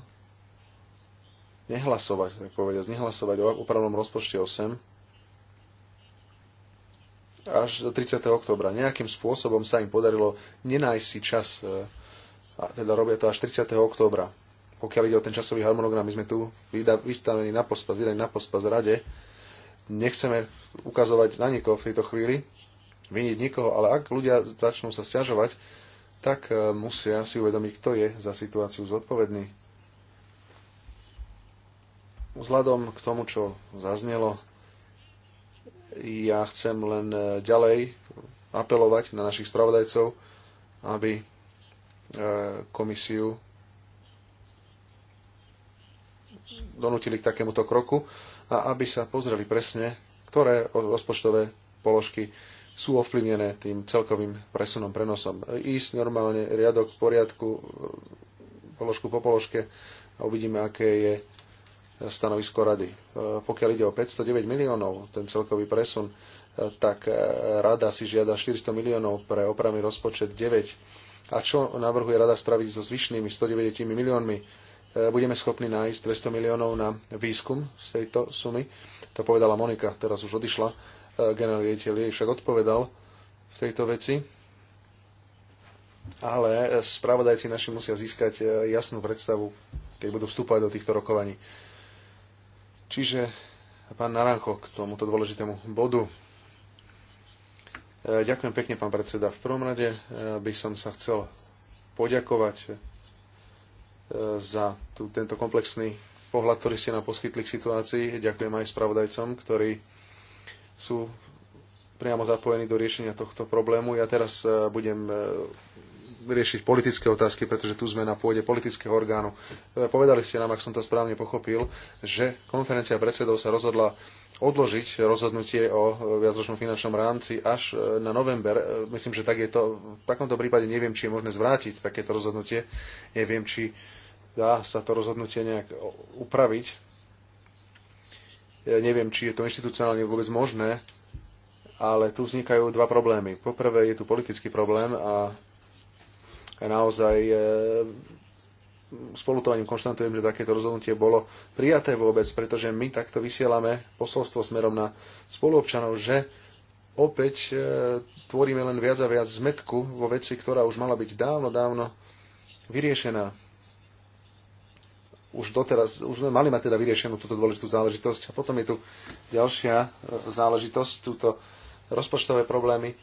nehlasovať, tak povediať, nehlasovať o opravnom rozpočte 8 až do 30. oktobra. Nejakým spôsobom sa im podarilo nenájsť si čas, e, a teda robia to až 30. oktobra. Pokiaľ ide o ten časový harmonogram, my sme tu vystavení na pospas, vydaní na pospas rade. Nechceme ukazovať na nikoho v tejto chvíli, viniť nikoho, ale ak ľudia začnú sa stiažovať, tak e, musia si uvedomiť, kto je za situáciu zodpovedný. Vzhľadom k tomu, čo zaznelo, ja chcem len e, ďalej apelovať na našich spravodajcov, aby e, komisiu donútili k takémuto kroku a aby sa pozreli presne, ktoré rozpočtové položky sú ovplyvnené tým celkovým presunom, prenosom. E, ísť normálne riadok v poriadku, položku po položke a uvidíme, aké je stanovisko rady. E, pokiaľ ide o 509 miliónov, ten celkový presun, e, tak e, rada si žiada 400 miliónov pre opravný rozpočet 9. A čo navrhuje rada spraviť so zvyšnými 109 miliónmi? Budeme schopní nájsť 200 miliónov na výskum z tejto sumy. To povedala Monika, teraz už odišla. generál riaditeľ jej však odpovedal v tejto veci ale spravodajci naši musia získať jasnú predstavu, keď budú vstúpať do týchto rokovaní. Čiže pán Narancho k tomuto dôležitému bodu. E, ďakujem pekne, pán predseda. V prvom rade e, by som sa chcel poďakovať e, za tú, tento komplexný pohľad, ktorý ste nám poskytli k situácii. Ďakujem aj spravodajcom, ktorí sú priamo zapojení do riešenia tohto problému. Ja teraz budem riešiť politické otázky, pretože tu sme na pôde politického orgánu. E, povedali ste nám, ak som to správne pochopil, že konferencia predsedov sa rozhodla odložiť rozhodnutie o e, viacročnom finančnom rámci až e, na november. Myslím, že tak je to. V takomto prípade neviem, či je možné zvrátiť takéto rozhodnutie. Neviem, či dá sa to rozhodnutie nejak upraviť. Ja neviem, či je to inštitucionálne vôbec možné, ale tu vznikajú dva problémy. Poprvé je tu politický problém a naozaj e, spolutovaním konštantujem, že takéto rozhodnutie bolo prijaté vôbec, pretože my takto vysielame posolstvo smerom na spoluobčanov, že opäť e, tvoríme len viac a viac zmetku vo veci, ktorá už mala byť dávno, dávno vyriešená. Už doteraz, už sme mali mať teda vyriešenú túto dôležitú záležitosť. A potom je tu ďalšia e, záležitosť, túto rozpočtové problémy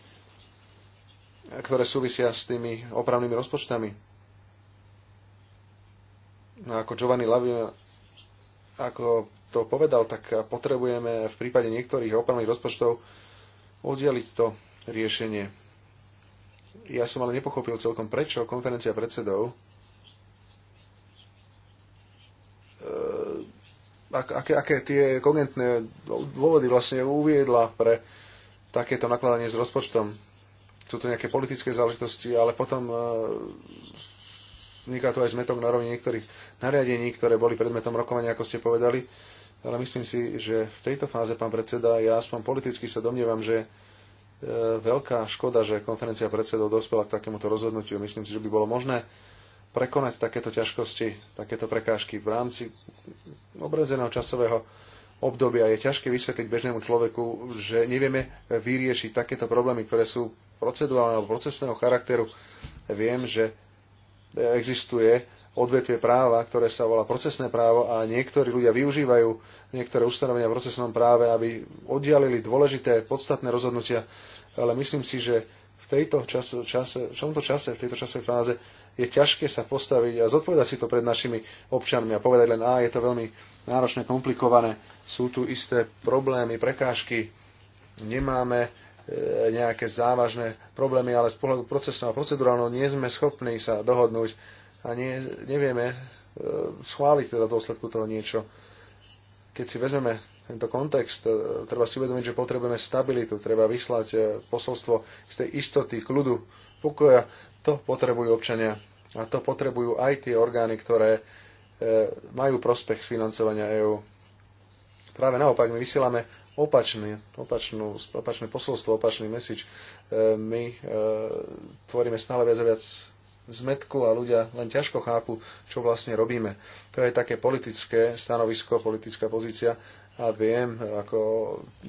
ktoré súvisia s tými opravnými rozpočtami. No ako Giovanni Lavia, ako to povedal, tak potrebujeme v prípade niektorých opravných rozpočtov oddeliť to riešenie. Ja som ale nepochopil celkom prečo konferencia predsedov e, ak, aké, aké tie kogentné dôvody vlastne uviedla pre takéto nakladanie s rozpočtom sú to nejaké politické záležitosti, ale potom e, vzniká to aj zmetok na rovni niektorých nariadení, ktoré boli predmetom rokovania, ako ste povedali. Ale myslím si, že v tejto fáze, pán predseda, ja aspoň politicky sa domnievam, že e, veľká škoda, že konferencia predsedov dospela k takémuto rozhodnutiu. Myslím si, že by bolo možné prekonať takéto ťažkosti, takéto prekážky v rámci obredzeného časového obdobia. Je ťažké vysvetliť bežnému človeku, že nevieme vyriešiť takéto problémy, ktoré sú procedurálneho alebo procesného charakteru. Viem, že existuje odvetvie práva, ktoré sa volá procesné právo a niektorí ľudia využívajú niektoré ustanovenia v procesnom práve, aby oddialili dôležité, podstatné rozhodnutia. Ale myslím si, že v tejto čase, čase, v tomto čase, v tejto časovej fáze je ťažké sa postaviť a zodpovedať si to pred našimi občanmi a povedať len, a je to veľmi náročné, komplikované, sú tu isté problémy, prekážky, nemáme e, nejaké závažné problémy, ale z pohľadu procesného a procedurálneho nie sme schopní sa dohodnúť a nie, nevieme e, schváliť teda dôsledku toho niečo. Keď si vezmeme tento kontext, e, treba si uvedomiť, že potrebujeme stabilitu, treba vyslať posolstvo z tej istoty, kľudu, pokoja. To potrebujú občania a to potrebujú aj tie orgány, ktoré e, majú prospech z financovania EÚ. Práve naopak, my vysielame opačný, opačnú, opačné posolstvo, opačný mesič. E, my e, tvoríme stále viac a viac zmetku a ľudia len ťažko chápu, čo vlastne robíme. To je také politické stanovisko, politická pozícia a viem, ako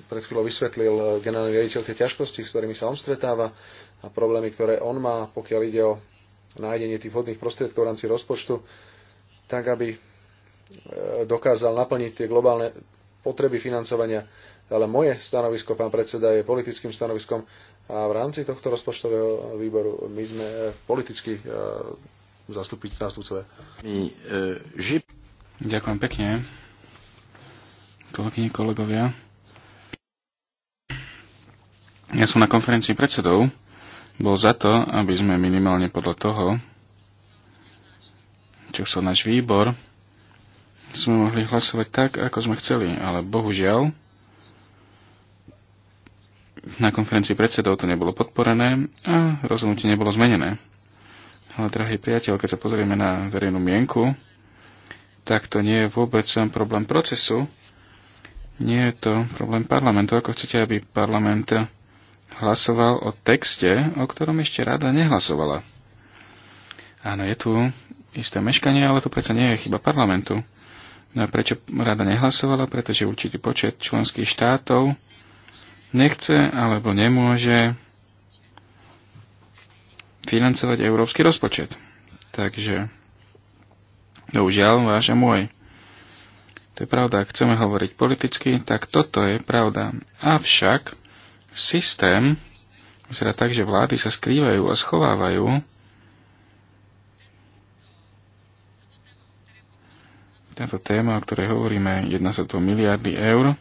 pred chvíľou vysvetlil generálny riaditeľ tie ťažkosti, s ktorými sa on stretáva, a problémy, ktoré on má, pokiaľ ide o nájdenie tých vhodných prostriedkov v rámci rozpočtu, tak aby e, dokázal naplniť tie globálne potreby financovania. Ale moje stanovisko, pán predseda, je politickým stanoviskom a v rámci tohto rozpočtového výboru my sme e, politicky e, zastupiť nástupcové. Ďakujem pekne, kolegyne, kolegovia. Ja som na konferencii predsedov bol za to, aby sme minimálne podľa toho, čo chcel náš výbor, sme mohli hlasovať tak, ako sme chceli, ale bohužiaľ na konferencii predsedov to nebolo podporené a rozhodnutie nebolo zmenené. Ale, drahý priateľ, keď sa pozrieme na verejnú mienku, tak to nie je vôbec problém procesu, nie je to problém parlamentu. Ako chcete, aby parlament hlasoval o texte, o ktorom ešte rada nehlasovala. Áno, je tu isté meškanie, ale to predsa nie je chyba parlamentu. No a prečo rada nehlasovala? Pretože určitý počet členských štátov nechce alebo nemôže financovať európsky rozpočet. Takže, bohužiaľ, váš a môj. To je pravda, ak chceme hovoriť politicky, tak toto je pravda. Avšak, systém vyzerá tak, že vlády sa skrývajú a schovávajú táto téma, o ktorej hovoríme, jedná sa tu miliardy eur,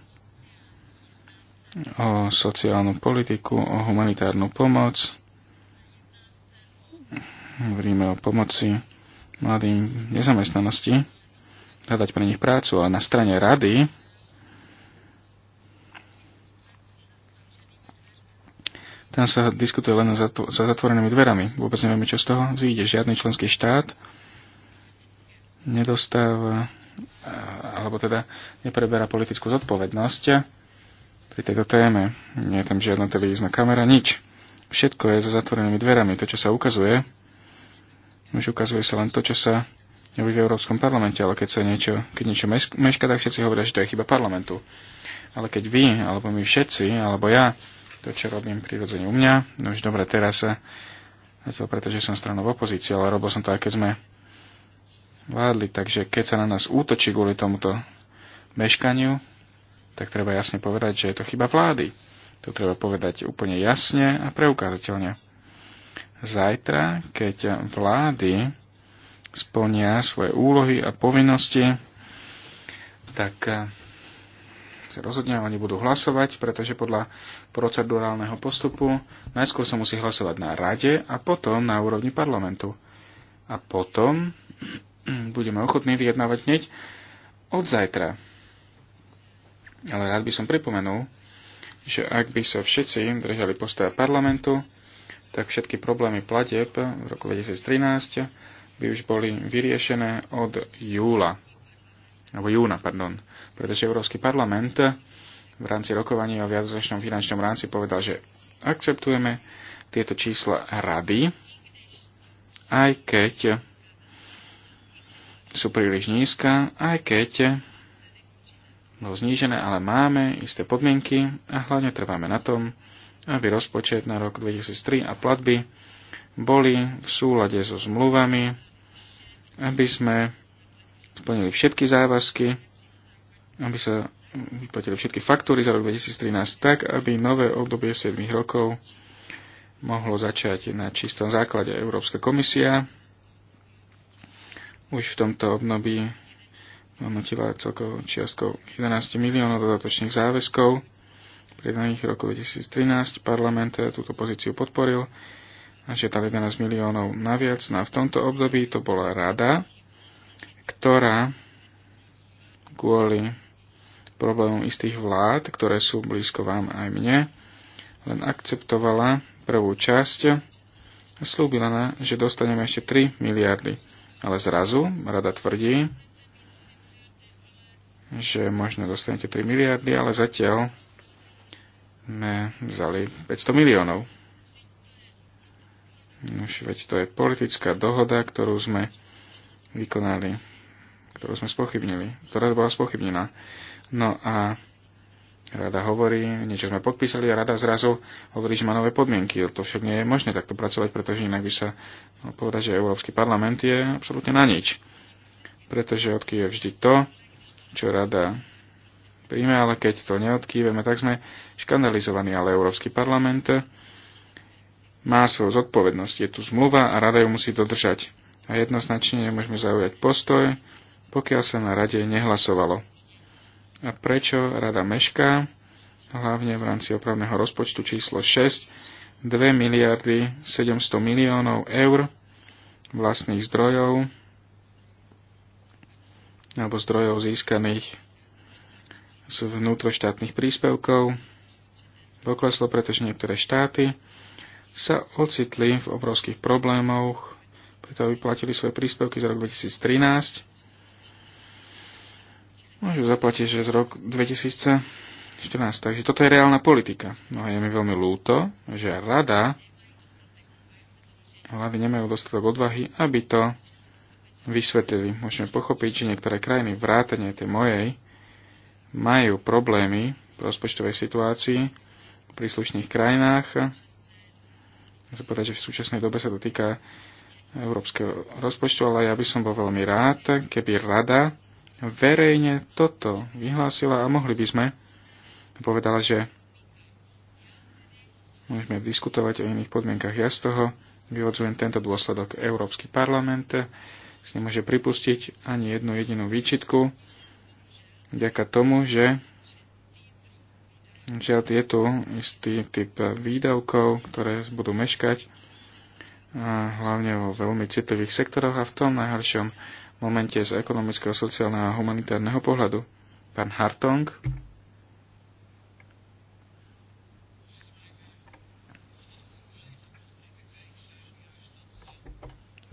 o sociálnu politiku, o humanitárnu pomoc, hovoríme o pomoci mladým nezamestnanosti, hľadať pre nich prácu, ale na strane rady tam sa diskutuje len za, zatvorenými dverami. Vôbec nevieme, čo z toho vyjde. Žiadny členský štát nedostáva, alebo teda nepreberá politickú zodpovednosť pri tejto téme. Nie je tam žiadna televízna kamera, nič. Všetko je za zatvorenými dverami. To, čo sa ukazuje, už ukazuje sa len to, čo sa robí v Európskom parlamente, ale keď sa niečo, keď niečo meška, tak všetci hovoria, že to je chyba parlamentu. Ale keď vy, alebo my všetci, alebo ja to, čo robím prirodzene u mňa. No už dobre, teraz sa eh, pretože som stranou v opozícii, ale robil som to aj keď sme vládli. Takže keď sa na nás útočí kvôli tomuto meškaniu, tak treba jasne povedať, že je to chyba vlády. To treba povedať úplne jasne a preukázateľne. Zajtra, keď vlády splnia svoje úlohy a povinnosti, tak eh, sa rozhodne, oni budú hlasovať, pretože podľa procedurálneho postupu najskôr sa musí hlasovať na rade a potom na úrovni parlamentu. A potom [clears throat] budeme ochotní vyjednávať hneď od zajtra. Ale rád by som pripomenul, že ak by sa všetci držali postoja parlamentu, tak všetky problémy plateb v roku 2013 by už boli vyriešené od júla alebo júna, pardon, pretože Európsky parlament v rámci rokovania o viacročnom finančnom rámci povedal, že akceptujeme tieto čísla rady, aj keď sú príliš nízka, aj keď bolo znížené, ale máme isté podmienky a hlavne trváme na tom, aby rozpočet na rok 2003 a platby boli v súlade so zmluvami, aby sme splnili všetky záväzky, aby sa vyplatili všetky faktúry za rok 2013 tak, aby nové obdobie 7 rokov mohlo začať na čistom základe. Európska komisia už v tomto období hodnotila celkovou čiastkou 11 miliónov dodatočných záväzkov. Pri daných roku 2013 parlament túto pozíciu podporil a že tam 11 miliónov naviac. No a v tomto období to bola rada, ktorá kvôli problémom istých vlád, ktoré sú blízko vám aj mne, len akceptovala prvú časť a slúbila na, že dostaneme ešte 3 miliardy. Ale zrazu rada tvrdí, že možno dostanete 3 miliardy, ale zatiaľ sme vzali 500 miliónov. Už veď to je politická dohoda, ktorú sme vykonali ktorú sme spochybnili, ktorá bola spochybnená. No a rada hovorí, niečo sme podpísali a rada zrazu hovorí, že má nové podmienky. To však nie je možné takto pracovať, pretože inak by sa mal povedať, že Európsky parlament je absolútne na nič. Pretože odkýve vždy to, čo rada príjme, ale keď to neodkýveme, tak sme škandalizovaní. Ale Európsky parlament má svoju zodpovednosť. Je tu zmluva a rada ju musí dodržať. A jednoznačne nemôžeme zaujať postoj, pokiaľ sa na rade nehlasovalo. A prečo rada mešká? Hlavne v rámci opravného rozpočtu číslo 6 2 miliardy 700 miliónov eur vlastných zdrojov alebo zdrojov získaných z vnútroštátnych príspevkov pokleslo, pretože niektoré štáty sa ocitli v obrovských problémoch, preto vyplatili svoje príspevky za rok 2013 môžu zaplatiť, že z rok 2014. Takže toto je reálna politika. No a je mi veľmi ľúto, že rada hlavy nemajú dostatok odvahy, aby to vysvetlili. Môžeme pochopiť, že niektoré krajiny vrátane tej mojej majú problémy v rozpočtovej situácii v príslušných krajinách. Chcem povedať, že v súčasnej dobe sa to týka európskeho rozpočtu, ale ja by som bol veľmi rád, keby rada verejne toto vyhlásila a mohli by sme povedala, že môžeme diskutovať o iných podmienkach. Ja z toho vyvodzujem tento dôsledok. Európsky parlament si nemôže pripustiť ani jednu jedinú výčitku vďaka tomu, že žiaľ je tu istý typ výdavkov, ktoré budú meškať, a hlavne vo veľmi citlivých sektoroch a v tom najhoršom momente z ekonomického, sociálneho a humanitárneho pohľadu. Pán Hartong.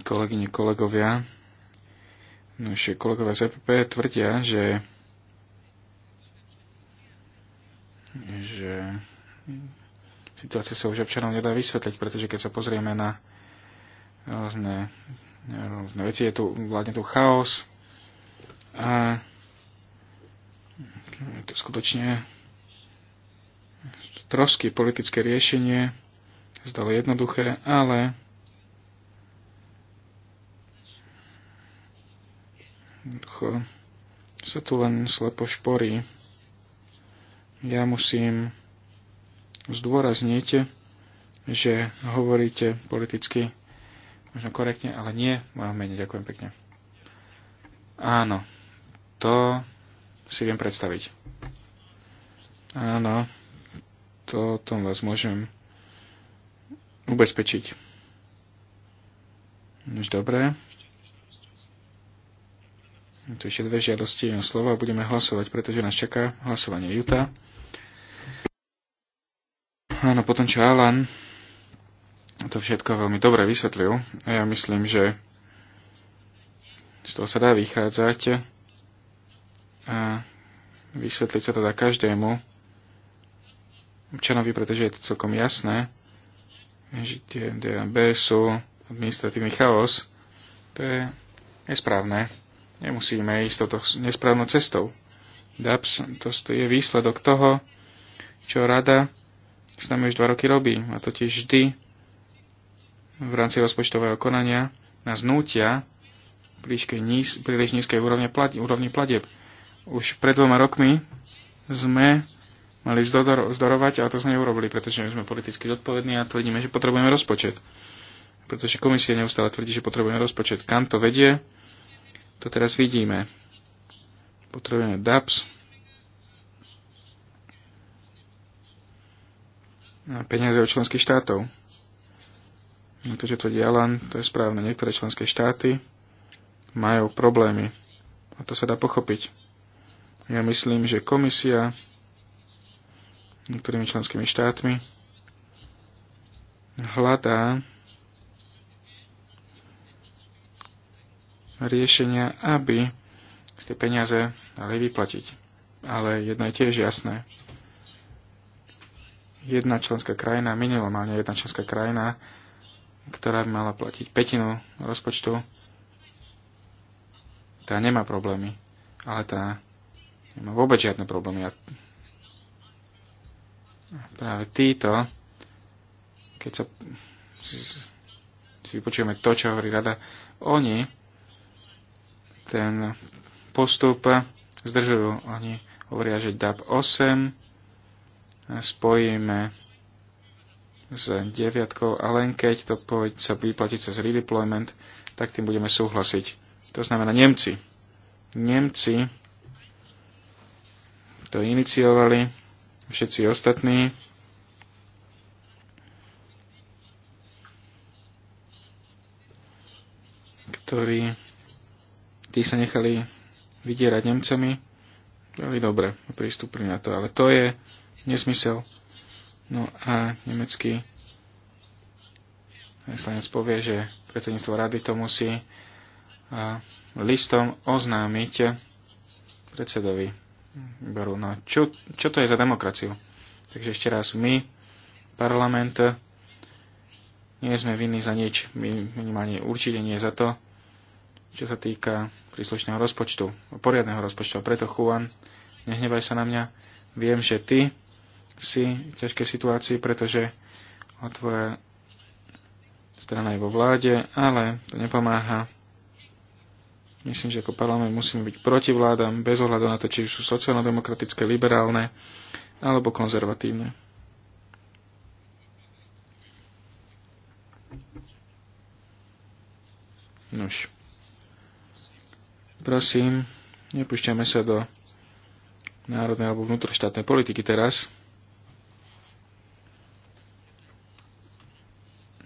Kolegyne, kolegovia, no ešte kolegovia z EPP tvrdia, že že situácia sa už občanom nedá vysvetliť, pretože keď sa pozrieme na rôzne rôzne veci, je tu, vládne tu chaos a je to skutočne trošky politické riešenie, zdalo jednoduché, ale sa tu len slepo šporí. Ja musím zdôrazniť, že hovoríte politicky možno korektne, ale nie v mojom mene. Ďakujem pekne. Áno, to si viem predstaviť. Áno, to o tom vás môžem ubezpečiť. Už dobré. Tu ešte dve žiadosti o slovo a budeme hlasovať, pretože nás čaká hlasovanie Juta. Áno, potom čo Alan to všetko veľmi dobre vysvetlil. A ja myslím, že z toho sa dá vychádzať a vysvetliť sa to každému občanovi, pretože je to celkom jasné, že tie DAB sú administratívny chaos. To je nesprávne. Nemusíme ísť toto nesprávnou cestou. DAPS to je výsledok toho, čo rada s nami už dva roky robí. A totiž vždy v rámci rozpočtového konania nás znútia príliš, nízkej úrovne, plat, úrovni platieb. Už pred dvoma rokmi sme mali zdodor, zdorovať, ale to sme neurobili, pretože my sme politicky zodpovední a tvrdíme, že potrebujeme rozpočet. Pretože komisia neustále tvrdí, že potrebujeme rozpočet. Kam to vedie, to teraz vidíme. Potrebujeme DAPS, peniaze od členských štátov No to, že to dialan, to je správne. Niektoré členské štáty majú problémy. A to sa dá pochopiť. Ja myslím, že komisia niektorými členskými štátmi hľadá riešenia, aby z tie peniaze dali vyplatiť. Ale jedno je tiež jasné. Jedna členská krajina, minimálne jedna členská krajina, ktorá by mala platiť petinu rozpočtu, tá nemá problémy, ale tá nemá vôbec žiadne problémy. A práve títo, keď sa si, vypočujeme to, čo hovorí rada, oni ten postup zdržujú. Oni hovoria, že DAP 8 spojíme s deviatkou a len keď to pôjde sa vyplatiť cez redeployment, tak tým budeme súhlasiť. To znamená Nemci. Nemci to iniciovali, všetci ostatní. ktorí tí sa nechali vydierať Nemcami, veľmi dobre pristúpili na to, ale to je nesmysel. No a nemecký veslanec povie, že predsedníctvo rady to musí listom oznámiť predsedovi Beru. No čo, čo to je za demokraciu? Takže ešte raz, my, parlament, nie sme vinní za nič, minimálne určite nie za to, čo sa týka príslušného rozpočtu, poriadného rozpočtu. A preto, Juan, nehnevaj sa na mňa, viem, že ty si v ťažkej situácii, pretože tvoja strana je vo vláde, ale to nepomáha. Myslím, že ako parlament musíme byť proti vládam, bez ohľadu na to, či sú sociálno-demokratické, liberálne alebo konzervatívne. Nož. Prosím, nepúšťame sa do národnej alebo vnútroštátnej politiky teraz.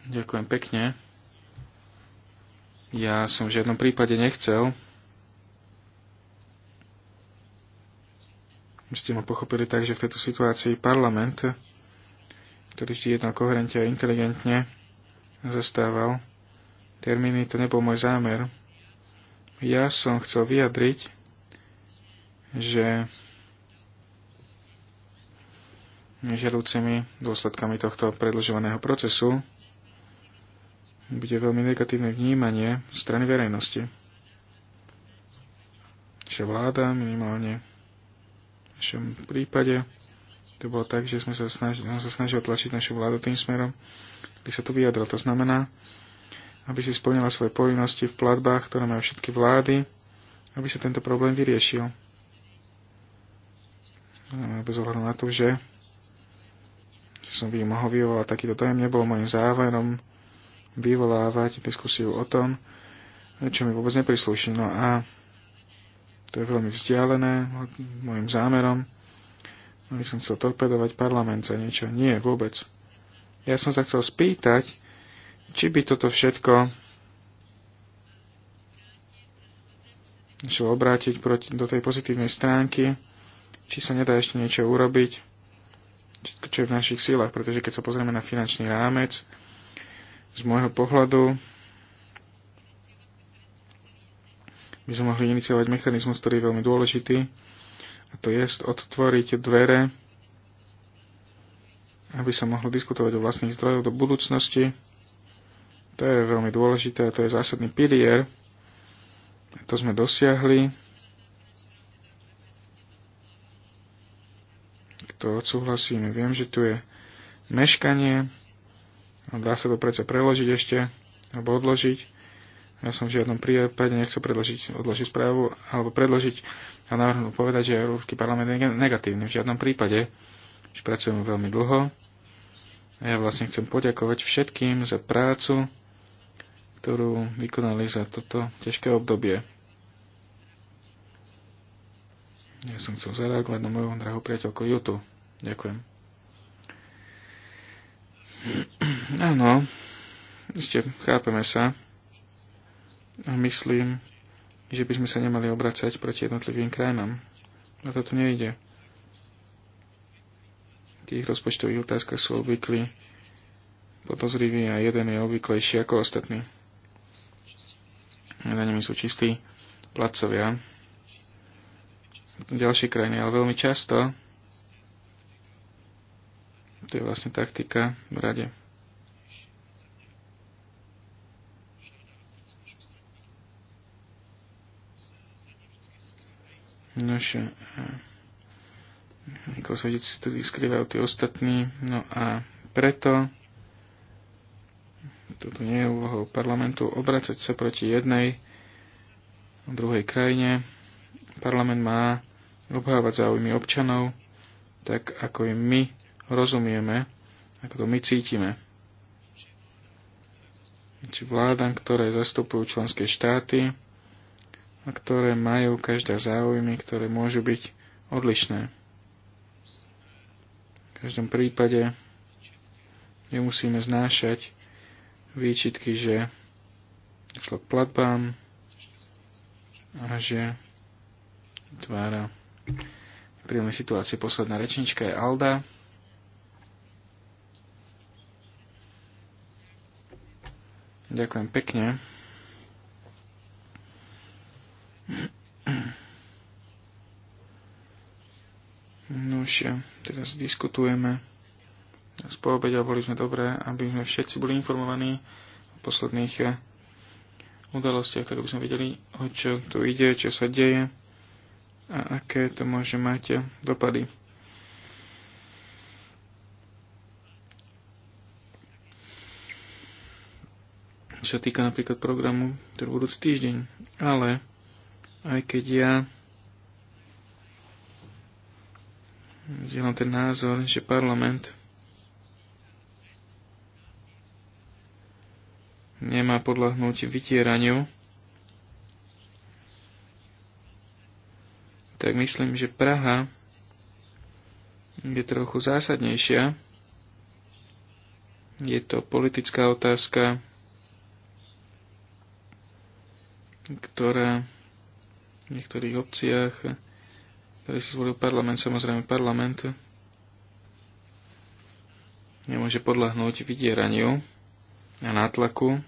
Ďakujem pekne. Ja som v žiadnom prípade nechcel. My Ste ma pochopili tak, že v tejto situácii parlament, ktorý vždy jednal koherente a inteligentne, zastával termíny, to nebol môj zámer. Ja som chcel vyjadriť, že nežerúcimi dôsledkami tohto predlžovaného procesu bude veľmi negatívne vnímanie strany verejnosti. Že vláda minimálne v našom prípade to bolo tak, že sme sa snažili, som sa snažil tlačiť našu vládu tým smerom, aby sa to vyjadrilo. To znamená, aby si splnila svoje povinnosti v platbách, ktoré majú všetky vlády, aby sa tento problém vyriešil. Bez ohľadu na to, že, že som by mohol vyvolať takýto dojem, nebolo môjim záverom vyvolávať diskusiu o tom, čo mi vôbec neprisluší. No a to je veľmi vzdialené môjim zámerom. Aby no, som chcel torpedovať parlament za niečo. Nie, vôbec. Ja som sa chcel spýtať, či by toto všetko šlo obrátiť proti, do tej pozitívnej stránky, či sa nedá ešte niečo urobiť, čo je v našich silách, pretože keď sa pozrieme na finančný rámec, z môjho pohľadu by sme mohli iniciovať mechanizmus, ktorý je veľmi dôležitý, a to je odtvoriť dvere, aby sa mohlo diskutovať o vlastných zdrojoch do budúcnosti. To je veľmi dôležité a to je zásadný pilier. To sme dosiahli. To odsúhlasíme. Viem, že tu je meškanie, Dá sa to predsa preložiť ešte, alebo odložiť. Ja som v žiadnom prípade nechcel predložiť, odložiť správu, alebo predložiť a navrhnú povedať, že Európsky parlament je negatívny. V žiadnom prípade. že pracujeme veľmi dlho. A ja vlastne chcem poďakovať všetkým za prácu, ktorú vykonali za toto ťažké obdobie. Ja som chcel zareagovať na moju drahú priateľku Jutu. Ďakujem. Áno, ešte chápeme sa. A myslím, že by sme sa nemali obracať proti jednotlivým krajinám. Na to tu nejde. V tých rozpočtových otázkach sú obvykli podozriví a jeden je obvyklejší ako ostatní. Na nimi sú čistí placovia. Ďalšie krajiny, ale veľmi často to je vlastne taktika v rade. Nož, ako sa tu vyskrývajú tie ostatní, no a preto toto nie je úlohou parlamentu obracať sa proti jednej druhej krajine. Parlament má obhávať záujmy občanov, tak ako i my rozumieme, ako to my cítime. Či vládam, ktoré zastupujú členské štáty a ktoré majú každá záujmy, ktoré môžu byť odlišné. V každom prípade nemusíme znášať výčitky, že šlo k platbám a že tvára príjemné situácie. Posledná rečnička je Alda. Ďakujem pekne. Nož, teraz diskutujeme. Z poobedia boli sme dobré, aby sme všetci boli informovaní o posledných eh, udalostiach, tak aby sme videli, o čo tu ide, čo sa deje a aké to môže mať eh, dopady. čo sa týka napríklad programu, ktorý budúci týždeň. Ale aj keď ja zdieľam ten názor, že parlament nemá podľahnúť vytieraniu, tak myslím, že Praha je trochu zásadnejšia. Je to politická otázka, ktorá v niektorých obciach, ktorý si zvolil parlament, samozrejme parlament, nemôže podľahnúť vydieraniu a nátlaku.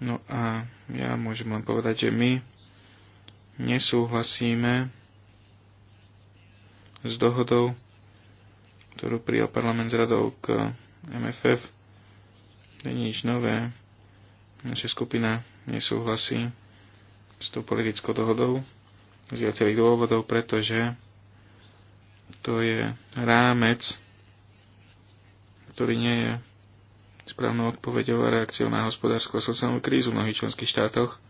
No a ja môžem len povedať, že my nesúhlasíme s dohodou, ktorú prijal parlament s radou k MFF. To je nič nové. Naša skupina nesúhlasí s tou politickou dohodou z viacerých dôvodov, pretože to je rámec, ktorý nie je správnou odpoveďou a reakciou na hospodárskú a sociálnu krízu v mnohých členských štátoch.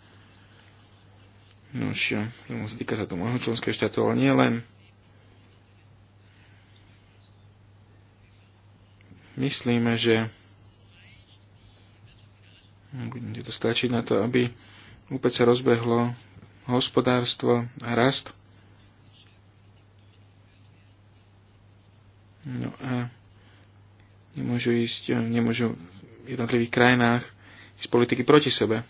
No už, no, týka sa to mnohých členských štátov, ale nie len. myslíme, že to stačiť na to, aby úplne sa rozbehlo hospodárstvo a rast. No a nemôžu ísť, nemôžu v jednotlivých krajinách ísť politiky proti sebe.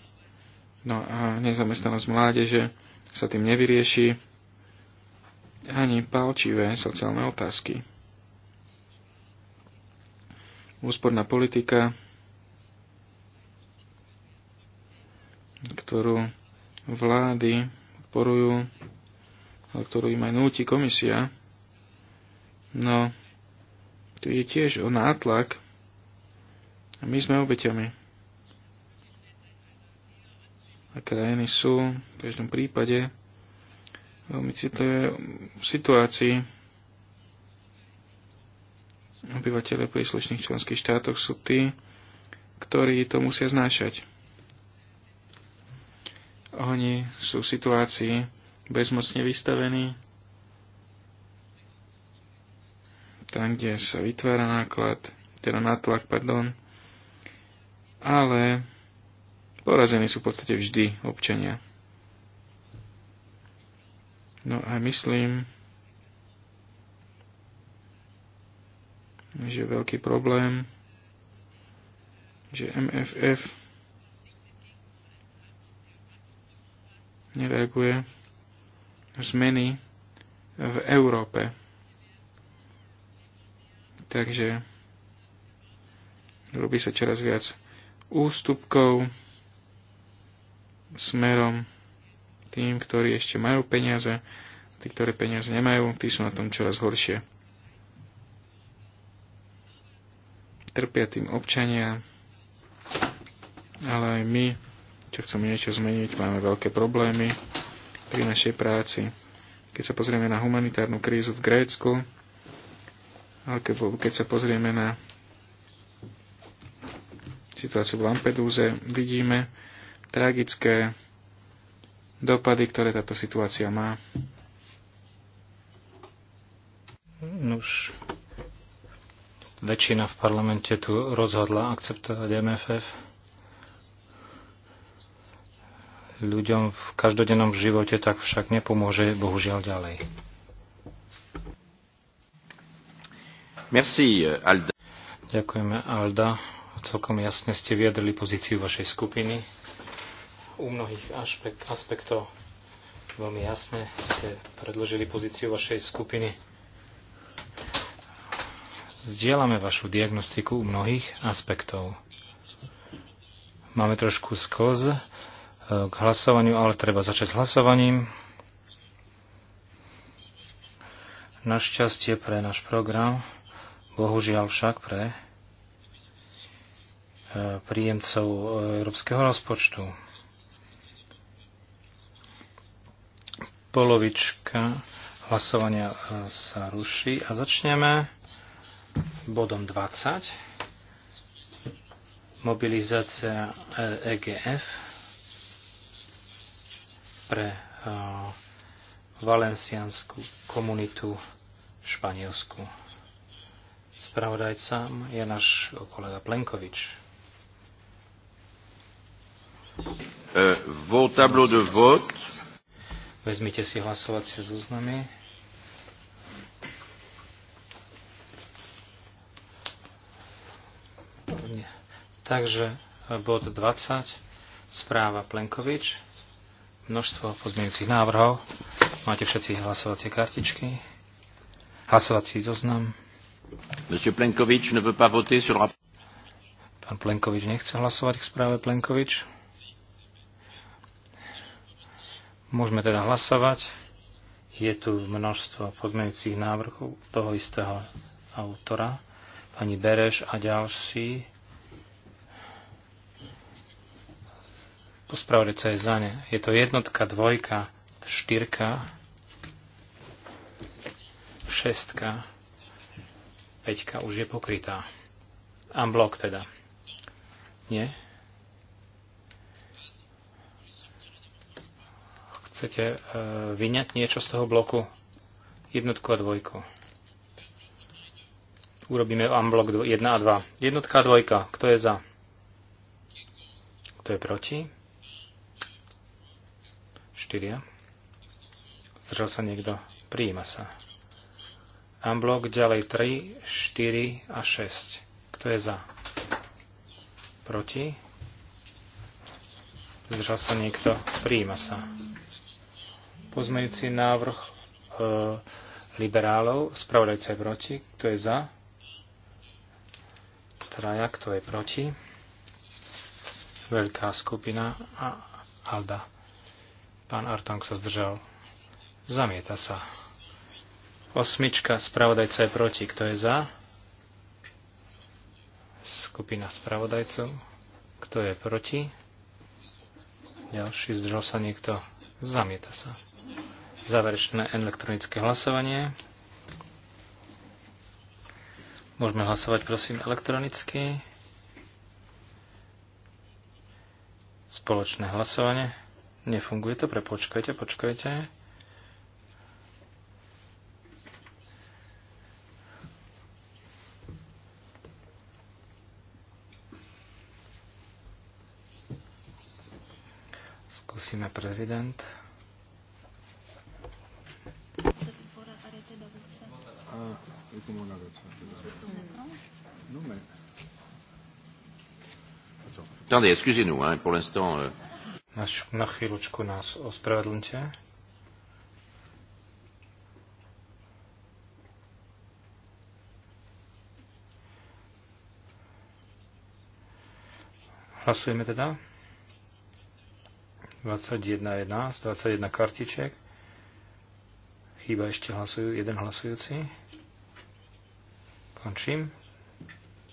No a nezamestnanosť mládeže sa tým nevyrieši ani palčivé sociálne otázky. Úsporná politika ktorú vlády porujú, ale ktorú im aj núti komisia. No, tu je tiež o nátlak a my sme obeťami. A krajiny sú v každom prípade veľmi citlivé situácii. Obyvateľe príslušných členských štátoch sú tí, ktorí to musia znášať. Oni sú v situácii bezmocne vystavení. Tam, kde sa vytvára náklad, teda natlak, pardon. Ale porazení sú v podstate vždy občania. No a myslím, že veľký problém, že MFF nereaguje zmeny v Európe. Takže robí sa čoraz viac ústupkov smerom tým, ktorí ešte majú peniaze, tí, ktoré peniaze nemajú, tí sú na tom čoraz horšie. Trpia tým občania, ale aj my čo chceme niečo zmeniť, máme veľké problémy pri našej práci. Keď sa pozrieme na humanitárnu krízu v Grécku, ale keď sa pozrieme na situáciu v Lampedúze, vidíme tragické dopady, ktoré táto situácia má. Nuž, väčšina v parlamente tu rozhodla akceptovať MFF ľuďom v každodennom živote, tak však nepomôže bohužiaľ ďalej. Merci, Alda. Ďakujeme, Alda. Celkom jasne ste vyjadrili pozíciu vašej skupiny. U mnohých aspekt, aspektov veľmi jasne ste predložili pozíciu vašej skupiny. Zdieľame vašu diagnostiku u mnohých aspektov. Máme trošku sklz k hlasovaniu, ale treba začať s hlasovaním. Našťastie pre náš program, bohužiaľ však pre e, príjemcov e, európskeho rozpočtu. Polovička hlasovania e, sa ruší a začneme bodom 20. Mobilizácia EGF pre eh, valenciánsku komunitu v Španielsku. Spravodajcom je náš kolega Plenkovič. Uh, vos de vote. Vezmite si hlasovacie zoznamy. Takže eh, bod 20, správa Plenkovič množstvo pozmeňujúcich návrhov. Máte všetci hlasovacie kartičky. Hlasovací zoznam. Monsieur Plenkovič ne veut pas voter sur Pán Plenkovič nechce hlasovať k správe Plenkovič. Môžeme teda hlasovať. Je tu množstvo pozmeňujúcich návrhov toho istého autora, pani Bereš a ďalší. Spravodajca je za ne. Je to jednotka, dvojka, štyrka, šestka, peťka už je pokrytá. Unblock teda. Nie? Chcete e, vyňať niečo z toho bloku? Jednotku a dvojku. Urobíme unblock 1 a 2. Jednotka a dvojka. Kto je za? Kto je proti? 4. Zdržal sa niekto? Prijíma sa. Unblock ďalej 3, 4 a 6. Kto je za? Proti? Zdržal sa niekto? Prijíma sa. Pozmejúci návrh e, liberálov, spravodajca je proti. Kto je za? Traja, kto je proti? Veľká skupina a Alda. Pán Artong sa zdržal. Zamieta sa. Osmička, spravodajca je proti. Kto je za? Skupina spravodajcov. Kto je proti? Ďalší zdržal sa niekto. Zamieta sa. Záverečné elektronické hlasovanie. Môžeme hlasovať, prosím, elektronicky. Spoločné hlasovanie. Nefunguje to, prepočkajte, počkajte. Skúsime prezident. Attendez, excusez-nous, hein, pour l'instant. Euh... Na, na chvíľočku nás ospravedlňte. Hlasujeme teda. 21.11, 21 kartiček. Chýba ešte hlasujú, jeden hlasujúci. Končím.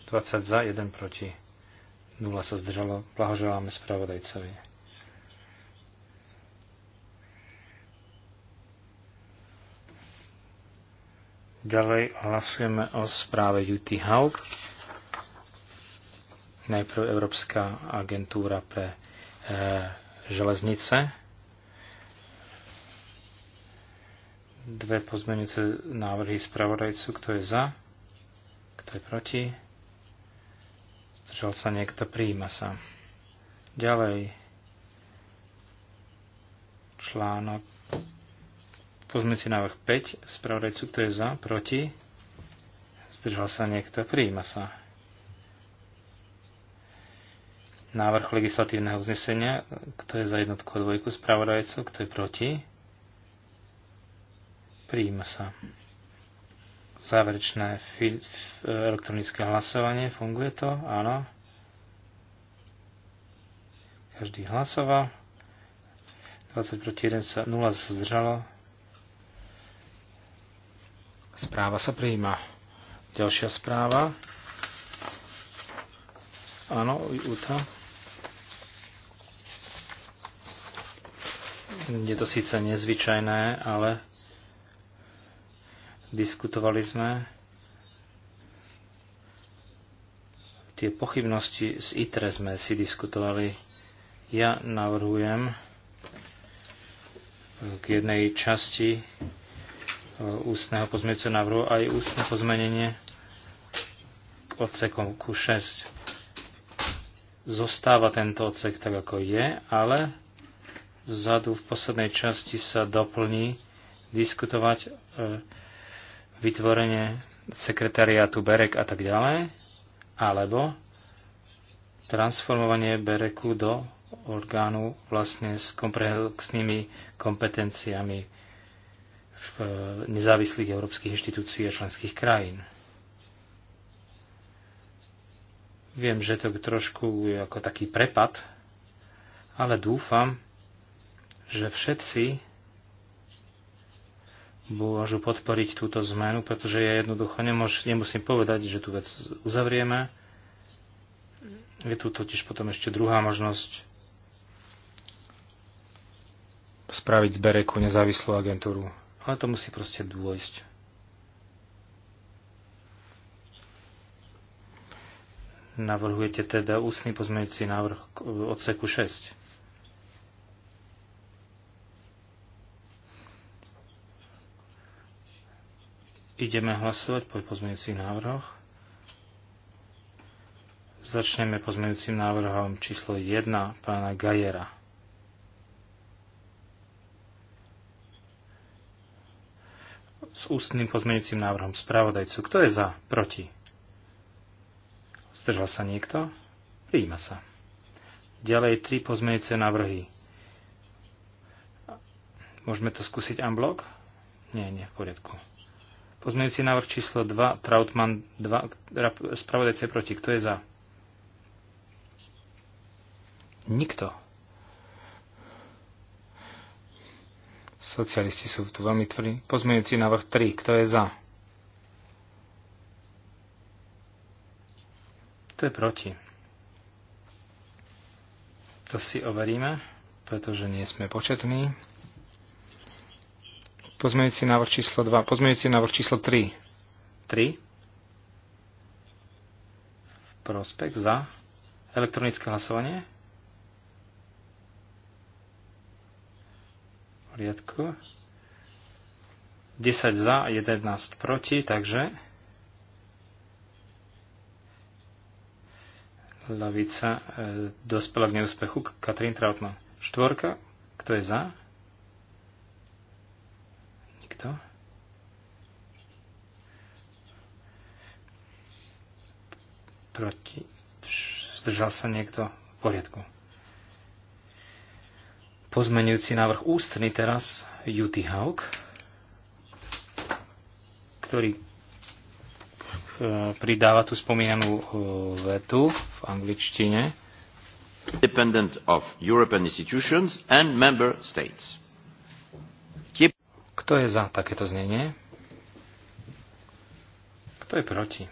20 za, 1 proti. 0 sa zdržalo. Blahoželáme spravodajcovi. Ďalej hlasujeme o správe Juty Haug. Najprv Európska agentúra pre e, železnice. Dve pozmenujúce návrhy spravodajcu, kto je za, kto je proti. Zdržal sa niekto, prijíma sa. Ďalej článok si návrh 5, spravodajcu, kto je za, proti, zdržal sa niekto, prijíma sa. Návrh legislatívneho vznesenia, kto je za jednotku a dvojku, spravodajcu, kto je proti, prijíma sa. Záverečné elektronické hlasovanie, funguje to? Áno. Každý hlasoval. 20 proti 1 sa 0 sa zdržalo. Správa sa prijíma. Ďalšia správa. Áno, Juta. Je to síce nezvyčajné, ale diskutovali sme tie pochybnosti z ITRE sme si diskutovali. Ja navrhujem k jednej časti E, ústneho pozmeňujúceho návrhu aj ústne pozmenenie k odsekom Q6. Zostáva tento odsek tak, ako je, ale vzadu v poslednej časti sa doplní diskutovať e, vytvorenie sekretariátu Berek a tak ďalej, alebo transformovanie Bereku do orgánu vlastne s komplexnými kompetenciami v eh, nezávislých európskych inštitúcií a členských krajín. Viem, že to trošku je ako taký prepad, ale dúfam, že všetci môžu podporiť túto zmenu, pretože ja jednoducho nemôž, nemusím povedať, že tú vec uzavrieme. Je tu totiž potom ešte druhá možnosť spraviť z Bereku nezávislú agentúru. Ale to musí proste dôjsť. Navrhujete teda ústny pozmeňujúci návrh k e, odseku 6. Ideme hlasovať po pozmeňujúcich návrhoch. Začneme pozmeňujúcim návrhom číslo 1 pána Gajera. s ústnym pozmeňujúcim návrhom spravodajcu. Kto je za? Proti? Zdržal sa niekto? Prijíma sa. Ďalej tri pozmeňujúce návrhy. Môžeme to skúsiť unblock? Nie, nie, v poriadku. Pozmeňujúci návrh číslo 2, Trautmann 2, spravodajce proti. Kto je za? Nikto. Socialisti sú tu veľmi tvrdí. Pozmeňujúci návrh 3. Kto je za? Kto je proti? To si overíme, pretože nie sme početní. Pozmeňujúci návrh číslo 2. Pozmeňujúci návrh číslo 3. 3. Prospekt za. Elektronické hlasovanie. poriadku. 10 za, 11 proti, takže lavica e, dospela k neúspechu. Katrin Trautmann. Štvorka. Kto je za? Nikto. Proti. Zdržal sa niekto v poriadku. Pozmenujúci návrh ústny teraz Juty Hawk, ktorý e, pridáva tú spomínanú e, vetu v angličtine. Independent of European institutions and member states. Kto je za takéto znenie? Kto je proti?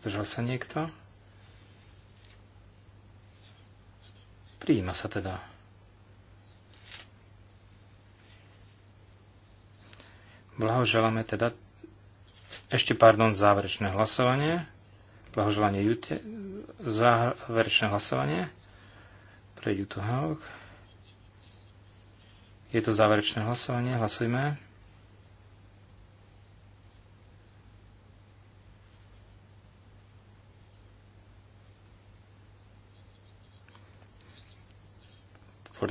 Zdržal sa niekto? Prijíma sa teda. Blahoželáme teda ešte, pardon, záverečné hlasovanie. Blahoželanie Jute. Záverečné hlasovanie pre Juto Je to záverečné hlasovanie. Hlasujme.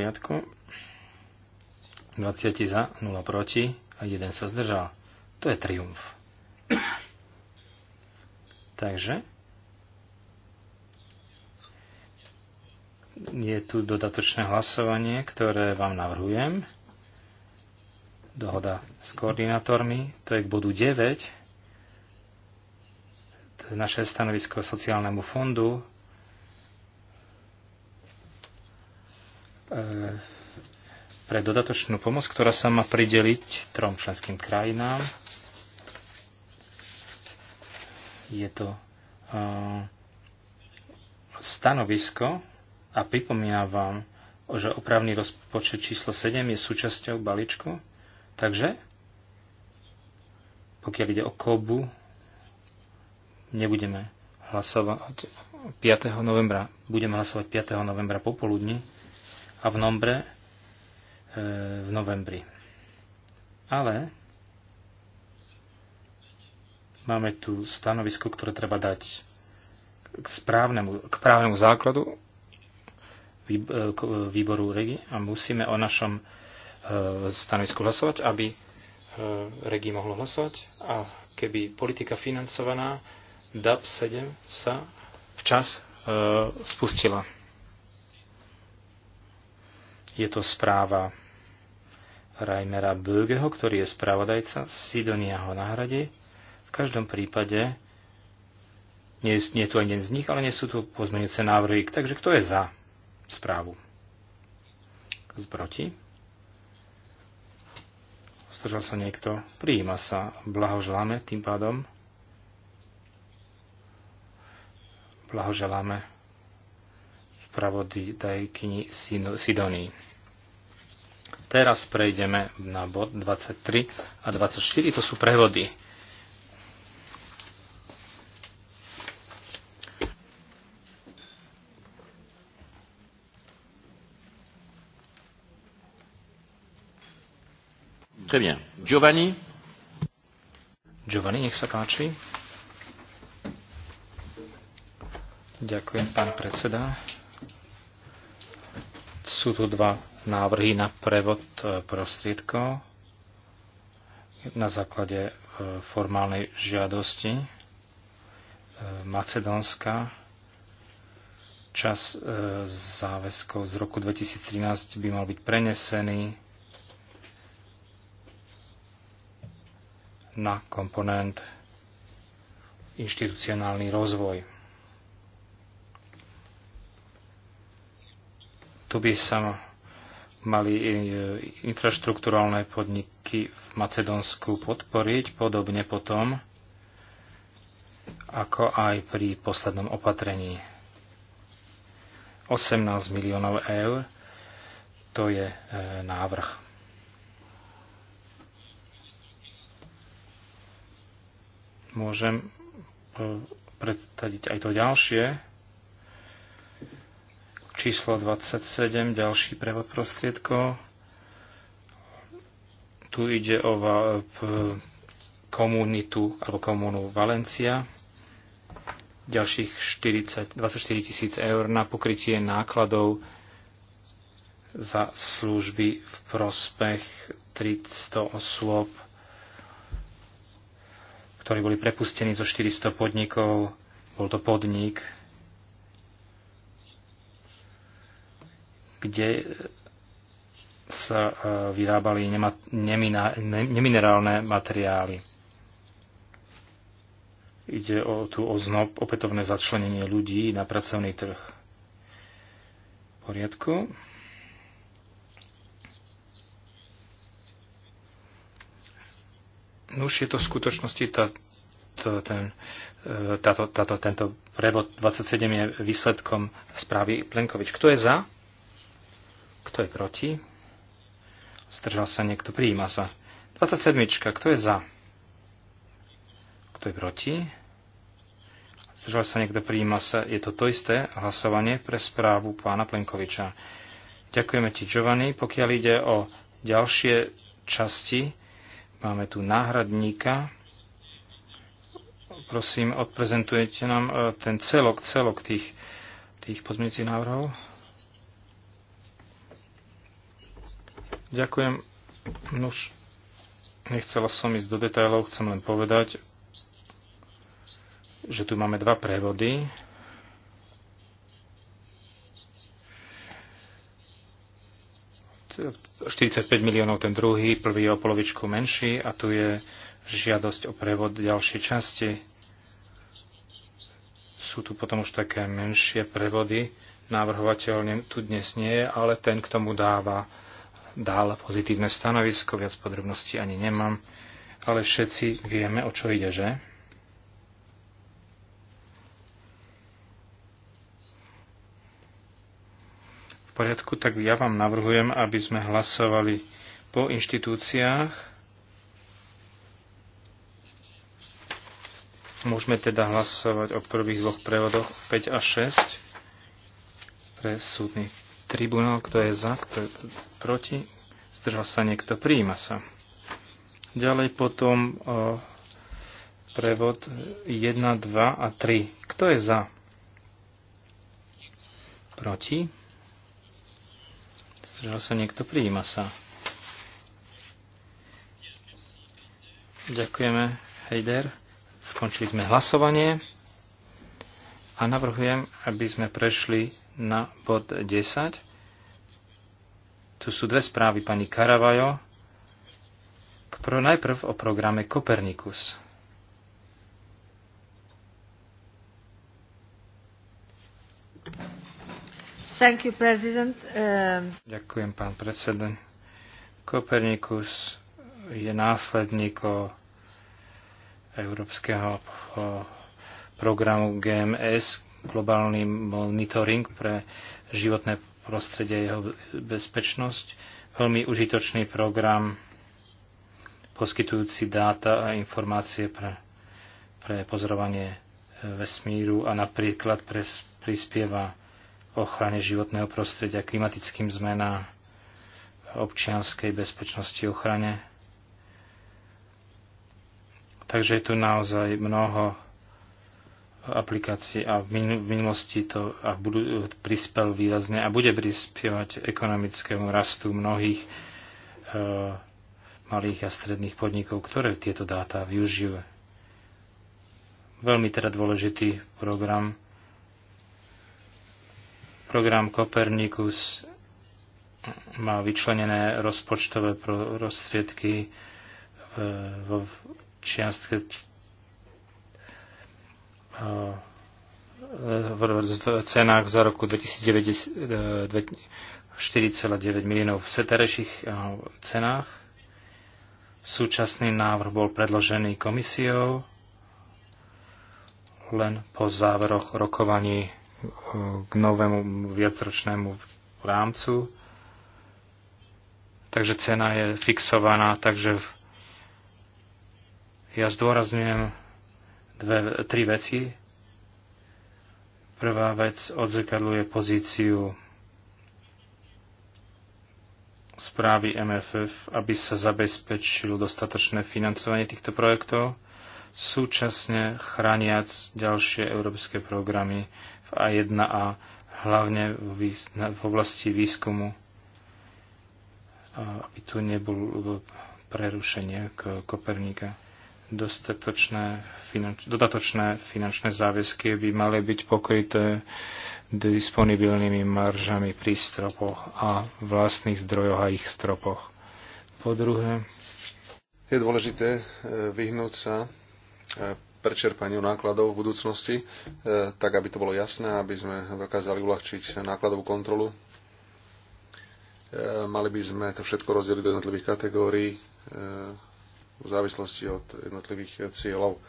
poriadku. 20 za, 0 proti a 1 sa zdržal. To je triumf. Takže je tu dodatočné hlasovanie, ktoré vám navrhujem. Dohoda s koordinátormi, to je k bodu 9. To je naše stanovisko sociálnemu fondu E, pre dodatočnú pomoc, ktorá sa má prideliť trom členským krajinám. Je to e, stanovisko a pripomínam vám, že opravný rozpočet číslo 7 je súčasťou balíčku. Takže, pokiaľ ide o kobu, nebudeme hlasovať 5. novembra. Budeme hlasovať 5. novembra popoludní a v Nombre e, v novembri. Ale máme tu stanovisko, ktoré treba dať k, správnemu, k právnemu základu e, výboru REGI a musíme o našom e, stanovisku hlasovať, aby e, REGI mohlo hlasovať a keby politika financovaná DAP 7 sa včas spustila. Je to správa Reimera Bögeho, ktorý je spravodajca, Sidonia ho nahradí. V každom prípade nie, nie je tu ani z nich, ale nie sú tu pozmeňujúce návrhy. Takže kto je za správu? Zproti? Zdržal sa niekto? Prijíma sa. Blahoželáme tým pádom. Blahoželáme spravodajkyni Sidonii. Teraz prejdeme na bod 23 a 24, to sú prevody. Très bien. Giovanni Giovanni, nech sa páči. Ďakujem, pán predseda. Sú tu dva návrhy na prevod e, prostriedkov na základe e, formálnej žiadosti e, Macedónska. Čas záväzkov z roku 2013 by mal byť prenesený na komponent inštitucionálny rozvoj. Tu by sa mali e, infraštruktúralné podniky v Macedónsku podporiť, podobne potom, ako aj pri poslednom opatrení. 18 miliónov eur to je e, návrh. Môžem e, predstaviť aj to ďalšie. Číslo 27, ďalší prevod prostriedkov. Tu ide o komunitu alebo komunu Valencia. Ďalších 40, 24 tisíc eur na pokrytie nákladov za služby v prospech 300 osôb, ktorí boli prepustení zo 400 podnikov. Bol to podnik kde sa e, vyrábali neminerálne materiály. Ide o tu o znob, opätovné začlenenie ľudí na pracovný trh. V poriadku. No už je to v skutočnosti tá, tá, ten, e, táto, táto, tento prevod 27 je výsledkom správy Plenkovič. Kto je za? Kto je proti? Zdržal sa niekto. Prijíma sa. 27. Kto je za? Kto je proti? Zdržal sa niekto. Prijíma sa. Je to to isté hlasovanie pre správu pána Plenkoviča. Ďakujeme ti, Giovanni. Pokiaľ ide o ďalšie časti, máme tu náhradníka prosím, odprezentujete nám eh, ten celok, celok tých, tých pozmeňujúcich návrhov. Ďakujem. Nož, nechcela som ísť do detajlov, chcem len povedať, že tu máme dva prevody. T 45 miliónov ten druhý, prvý je o polovičku menší a tu je žiadosť o prevod ďalšej časti. Sú tu potom už také menšie prevody. Návrhovateľ tu dnes nie je, ale ten k tomu dáva dal pozitívne stanovisko, viac podrobností ani nemám, ale všetci vieme, o čo ide, že? V poriadku, tak ja vám navrhujem, aby sme hlasovali po inštitúciách. Môžeme teda hlasovať o prvých dvoch prevodoch 5 a 6 pre súdny tribunál, kto je za, kto je proti, zdržal sa niekto, prijíma sa. Ďalej potom o, e, prevod 1, 2 a 3. Kto je za? Proti? Zdržal sa niekto, prijíma sa. Ďakujeme, Heider. Skončili sme hlasovanie a navrhujem, aby sme prešli na bod 10. Tu sú dve správy pani Karavajo. Pro najprv o programe Kopernikus. Thank you, President. Um... Ďakujem, pán predseda. Kopernikus je následníkom európskeho programu GMS, globálny monitoring pre životné prostredie a jeho bezpečnosť, veľmi užitočný program poskytujúci dáta a informácie pre, pre pozorovanie e, vesmíru a napríklad pre, prispieva ochrane životného prostredia, klimatickým zmenám, občianskej bezpečnosti ochrane. Takže je tu naozaj mnoho aplikácie a v minulosti to a budú, prispel výrazne a bude prispievať ekonomickému rastu mnohých e, malých a stredných podnikov, ktoré tieto dáta využijú. Veľmi teda dôležitý program. Program Copernicus má vyčlenené rozpočtové prostriedky eh, vo čiastke v cenách za roku 2009 4,9 miliónov v seterejších eh, cenách. Súčasný návrh bol predložený komisiou len po záveroch rokovaní eh, k novému viacročnému rámcu. Takže cena je fixovaná, takže ja zdôrazňujem dve, tri veci. Prvá vec odzrkadluje pozíciu správy MFF, aby sa zabezpečilo dostatočné financovanie týchto projektov, súčasne chrániac ďalšie európske programy v A1A, hlavne v oblasti výskumu, aby tu nebolo prerušenie k Kopernika dostatočné finanč, dodatočné finančné záväzky by mali byť pokryté disponibilnými maržami pri stropoch a vlastných zdrojoch a ich stropoch. Po druhé, je dôležité e, vyhnúť sa e, prečerpaniu nákladov v budúcnosti, e, tak aby to bolo jasné, aby sme dokázali uľahčiť nákladovú kontrolu. Mali by sme to všetko rozdeliť do jednotlivých kategórií v závislosti od jednotlivých cieľov. E,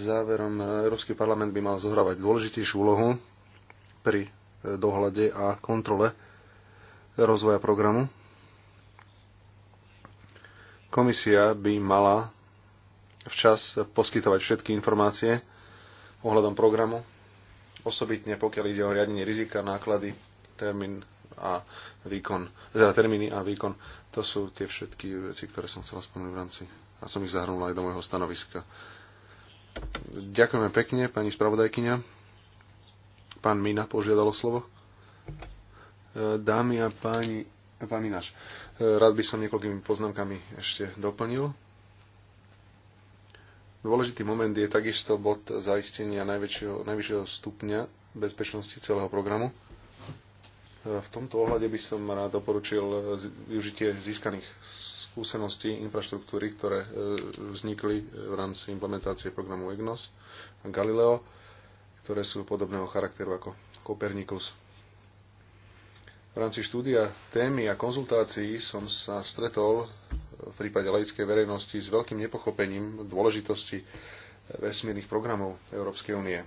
záverom, e, Európsky parlament by mal zohrávať dôležitejšiu úlohu pri e, dohľade a kontrole rozvoja programu. Komisia by mala včas poskytovať všetky informácie ohľadom programu, osobitne pokiaľ ide o riadenie rizika, náklady, termín a výkon, teda termíny a výkon. To sú tie všetky veci, ktoré som chcel spomenúť v rámci a som ich zahrnul aj do môjho stanoviska. Ďakujeme pekne, pani spravodajkyňa. Pán Mina požiadalo slovo. E, dámy a páni, pán Mináš, e, rád by som niekoľkými poznámkami ešte doplnil. Dôležitý moment je takisto bod zaistenia najvyššieho stupňa bezpečnosti celého programu. V tomto ohľade by som rád doporučil využitie získaných skúseností infraštruktúry, ktoré e, vznikli v rámci implementácie programu EGNOS a Galileo, ktoré sú podobného charakteru ako Copernicus. V rámci štúdia témy a konzultácií som sa stretol v prípade laickej verejnosti s veľkým nepochopením dôležitosti vesmírnych programov Európskej únie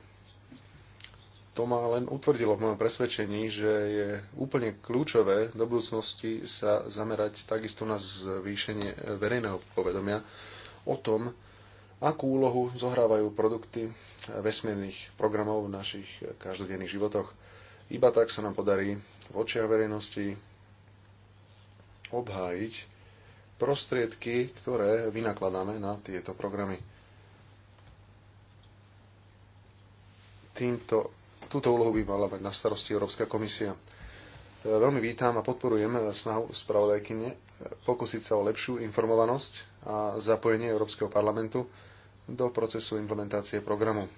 to ma len utvrdilo v mojom presvedčení, že je úplne kľúčové do budúcnosti sa zamerať takisto na zvýšenie verejného povedomia o tom, akú úlohu zohrávajú produkty vesmírnych programov v našich každodenných životoch. Iba tak sa nám podarí v očiach verejnosti obhájiť prostriedky, ktoré vynakladáme na tieto programy. Týmto Túto úlohu by mala mať na starosti Európska komisia. E, veľmi vítam a podporujem snahu spravodajkyne e, pokúsiť sa o lepšiu informovanosť a zapojenie Európskeho parlamentu do procesu implementácie programu.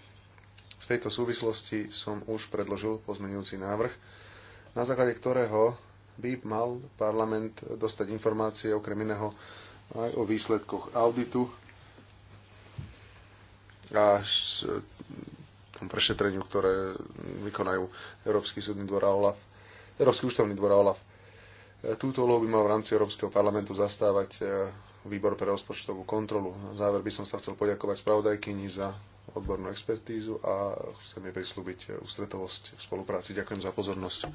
V tejto súvislosti som už predložil pozmenujúci návrh, na základe ktorého by mal parlament dostať informácie okrem iného aj o výsledkoch auditu a tom prešetreniu, ktoré vykonajú Európsky súdny dvor a OLAF, Európsky ústavný dvor a OLAF. Túto úlohu by mal v rámci Európskeho parlamentu zastávať e, výbor pre rozpočtovú kontrolu. záver by som sa chcel poďakovať spravodajkyni za odbornú expertízu a chcem jej prislúbiť ústretovosť v spolupráci. Ďakujem za pozornosť.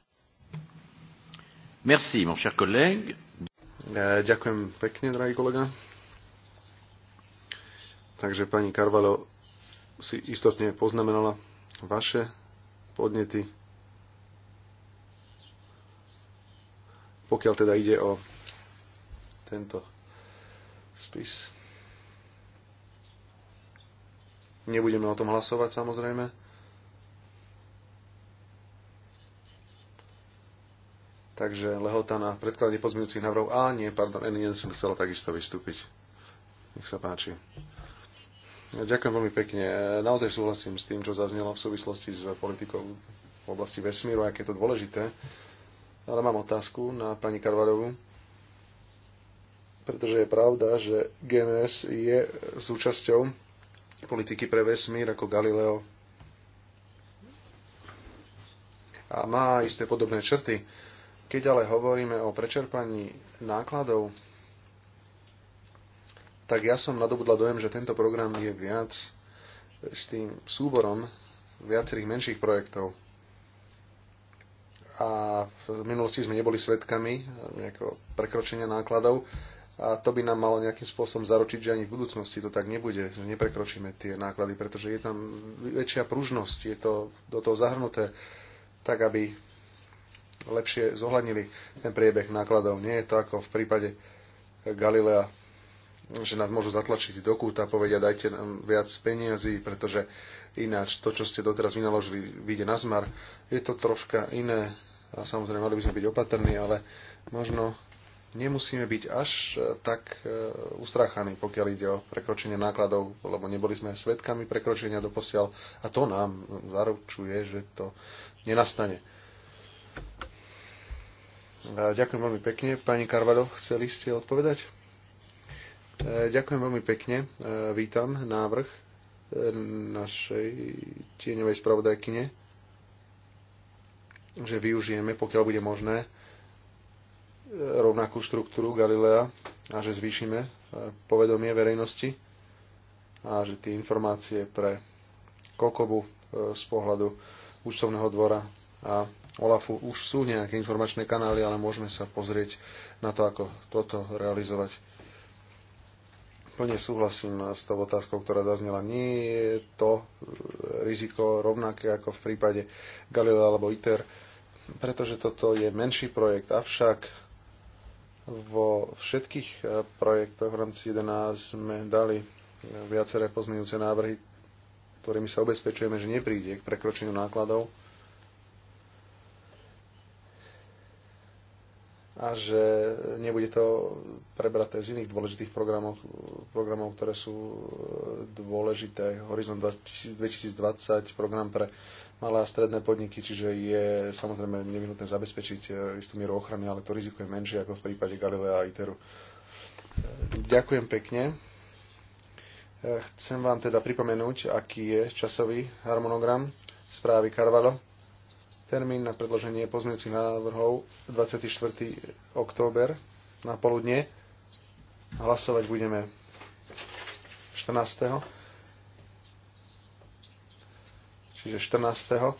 Merci, mon cher collègue. E, ďakujem pekne, drahý kolega. Takže pani Karvalo si istotne poznamenala vaše podnety. Pokiaľ teda ide o tento spis. Nebudeme o tom hlasovať samozrejme. Takže lehota na predklade pozmeňujúcich návrhov. A nie, pardon, N1 som chcela takisto vystúpiť. Nech sa páči. Ďakujem veľmi pekne. E, naozaj súhlasím s tým, čo zaznelo v súvislosti s politikou v oblasti vesmíru, aké je to dôležité. Ale mám otázku na pani Karvadovu. Pretože je pravda, že GMS je súčasťou politiky pre vesmír ako Galileo a má isté podobné črty. Keď ale hovoríme o prečerpaní nákladov tak ja som nadobudla dojem, že tento program je viac eh, s tým súborom viacerých menších projektov. A v minulosti sme neboli svedkami eh, nejakého prekročenia nákladov a to by nám malo nejakým spôsobom zaručiť, že ani v budúcnosti to tak nebude, že neprekročíme tie náklady, pretože je tam väčšia pružnosť, je to do toho zahrnuté tak, aby lepšie zohľadnili ten priebeh nákladov. Nie je to ako v prípade Galilea že nás môžu zatlačiť do kúta, povedia dajte nám viac peniazy, pretože ináč to, čo ste doteraz vynaložili, vyjde na zmar. Je to troška iné a samozrejme mali by sme byť opatrní, ale možno nemusíme byť až e, tak e, ustráchaní, pokiaľ ide o prekročenie nákladov, lebo neboli sme svetkami prekročenia doposiaľ a to nám zaručuje, že to nenastane. Ďakujem veľmi pekne. Pani Karvado, chceli ste odpovedať? E, ďakujem veľmi pekne. E, vítam návrh e, našej tieňovej spravodajkyne, že využijeme, pokiaľ bude možné, rovnakú štruktúru Galilea a že zvýšime povedomie verejnosti a že tie informácie pre Kokobu z pohľadu účtovného dvora a Olafu už sú nejaké informačné kanály, ale môžeme sa pozrieť na to, ako toto realizovať plne súhlasím s tou otázkou, ktorá zaznela. Nie je to riziko rovnaké ako v prípade Galileo alebo ITER, pretože toto je menší projekt, avšak vo všetkých e, projektoch v rámci 11 sme dali e, viaceré pozmeňujúce návrhy, ktorými sa obezpečujeme, že nepríde k prekročeniu nákladov a že nebude to prebraté z iných dôležitých programov, programov ktoré sú e, dôležité. Horizon 2020, program pre malé a stredné podniky, čiže je samozrejme nevyhnutné zabezpečiť e, istú mieru ochrany, ale to riziko je menšie ako v prípade Galilea a ITERu. E, ďakujem pekne. Chcem vám teda pripomenúť, aký je časový harmonogram správy Carvalho Termín na predloženie pozmeňujúcich návrhov 24. október na poludne. Hlasovať budeme 14. Čiže 14.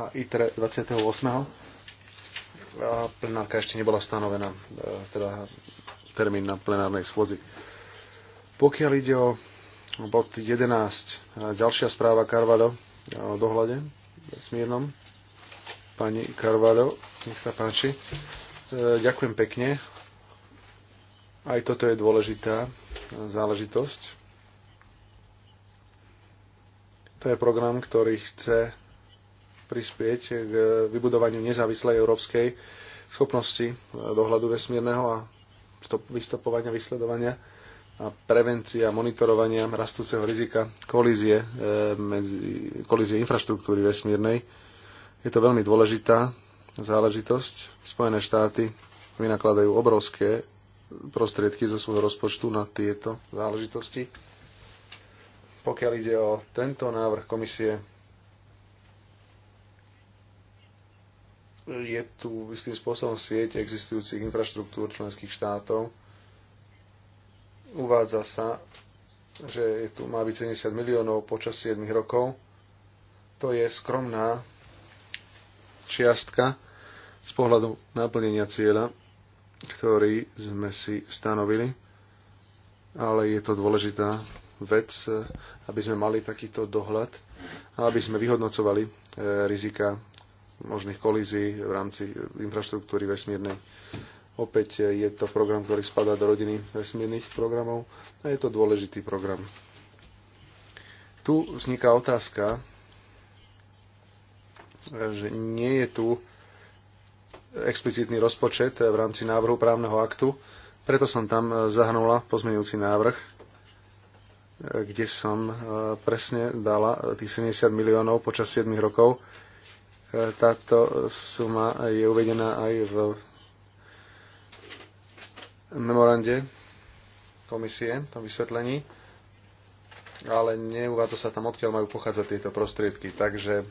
a ITRE 28. A plenárka ešte nebola stanovená, e, teda termín na plenárnej schôdzi. Pokiaľ ide o bod 11, e, ďalšia správa Karvado e, o dohľade smírnom, Pani Karvalo. nech sa páči. E, ďakujem pekne. Aj toto je dôležitá záležitosť. To je program, ktorý chce prispieť k vybudovaniu nezávislej európskej schopnosti dohľadu vesmírneho a vystopovania, vysledovania a prevencia monitorovania rastúceho rizika kolízie, e, medzi, kolízie infraštruktúry vesmírnej je to veľmi dôležitá záležitosť. Spojené štáty vynakladajú obrovské prostriedky zo svojho rozpočtu na tieto záležitosti. Pokiaľ ide o tento návrh komisie, je tu istým spôsobom sieť existujúcich infraštruktúr členských štátov. Uvádza sa, že je tu má byť 70 miliónov počas 7 rokov. To je skromná čiastka z pohľadu naplnenia cieľa, ktorý sme si stanovili, ale je to dôležitá vec, aby sme mali takýto dohľad a aby sme vyhodnocovali e, rizika možných kolízií v rámci infraštruktúry vesmírnej. Opäť je to program, ktorý spadá do rodiny vesmírnych programov a je to dôležitý program. Tu vzniká otázka, že nie je tu explicitný rozpočet v rámci návrhu právneho aktu, preto som tam e, zahrnula pozmeňujúci návrh, e, kde som e, presne dala tých 70 miliónov počas 7 rokov. Táto suma je uvedená aj v memorande komisie, tom vysvetlení, ale neuvádza sa tam, odkiaľ majú pochádzať tieto prostriedky. Takže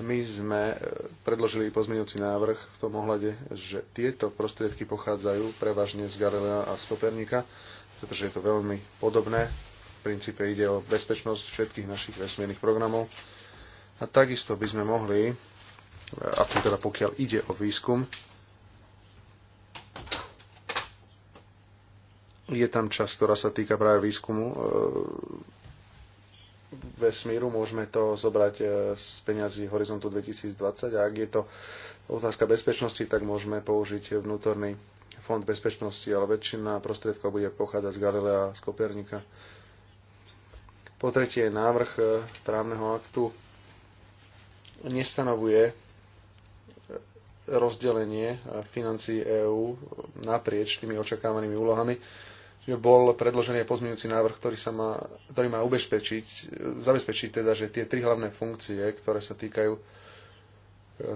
my sme e, predložili pozmeňujúci návrh v tom ohľade, že tieto prostriedky pochádzajú prevažne z Galilea a z Kopernika, pretože je to veľmi podobné. V princípe ide o bezpečnosť všetkých našich vesmírnych programov. A takisto by sme mohli, e, a teda pokiaľ ide o výskum, je tam časť, ktorá sa týka práve výskumu e, vesmíru, môžeme to zobrať e, z peňazí Horizontu 2020 a ak je to otázka bezpečnosti, tak môžeme použiť vnútorný fond bezpečnosti, ale väčšina prostriedkov bude pochádzať z Galilea a z Kopernika. Po tretie, návrh e, právneho aktu nestanovuje rozdelenie e, financií EÚ naprieč tými očakávanými úlohami že bol predložený pozmeňujúci návrh, ktorý, sa má, ktorý má ubezpečiť, zabezpečiť teda, že tie tri hlavné funkcie, ktoré sa týkajú e,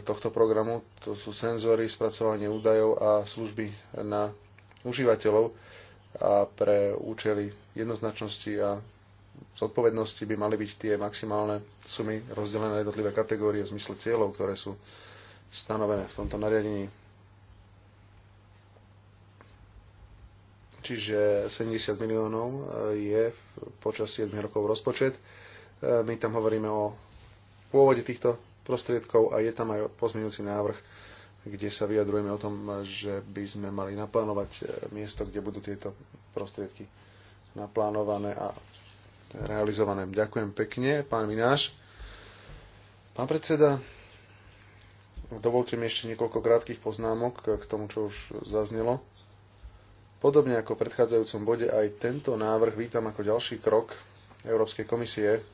tohto programu, to sú senzory, spracovanie údajov a služby na užívateľov a pre účely jednoznačnosti a zodpovednosti by mali byť tie maximálne sumy rozdelené na jednotlivé kategórie v zmysle cieľov, ktoré sú stanovené v tomto nariadení. Čiže 70 miliónov e, je počas 7 rokov rozpočet. E, my tam hovoríme o pôvode týchto prostriedkov a je tam aj pozmeňujúci návrh, kde sa vyjadrujeme o tom, že by sme mali naplánovať e, miesto, kde budú tieto prostriedky naplánované a realizované. Ďakujem pekne, pán Mináš. Pán predseda, dovolte mi ešte niekoľko krátkých poznámok k tomu, čo už zaznelo Podobne ako v predchádzajúcom bode, aj tento návrh vítam ako ďalší krok Európskej komisie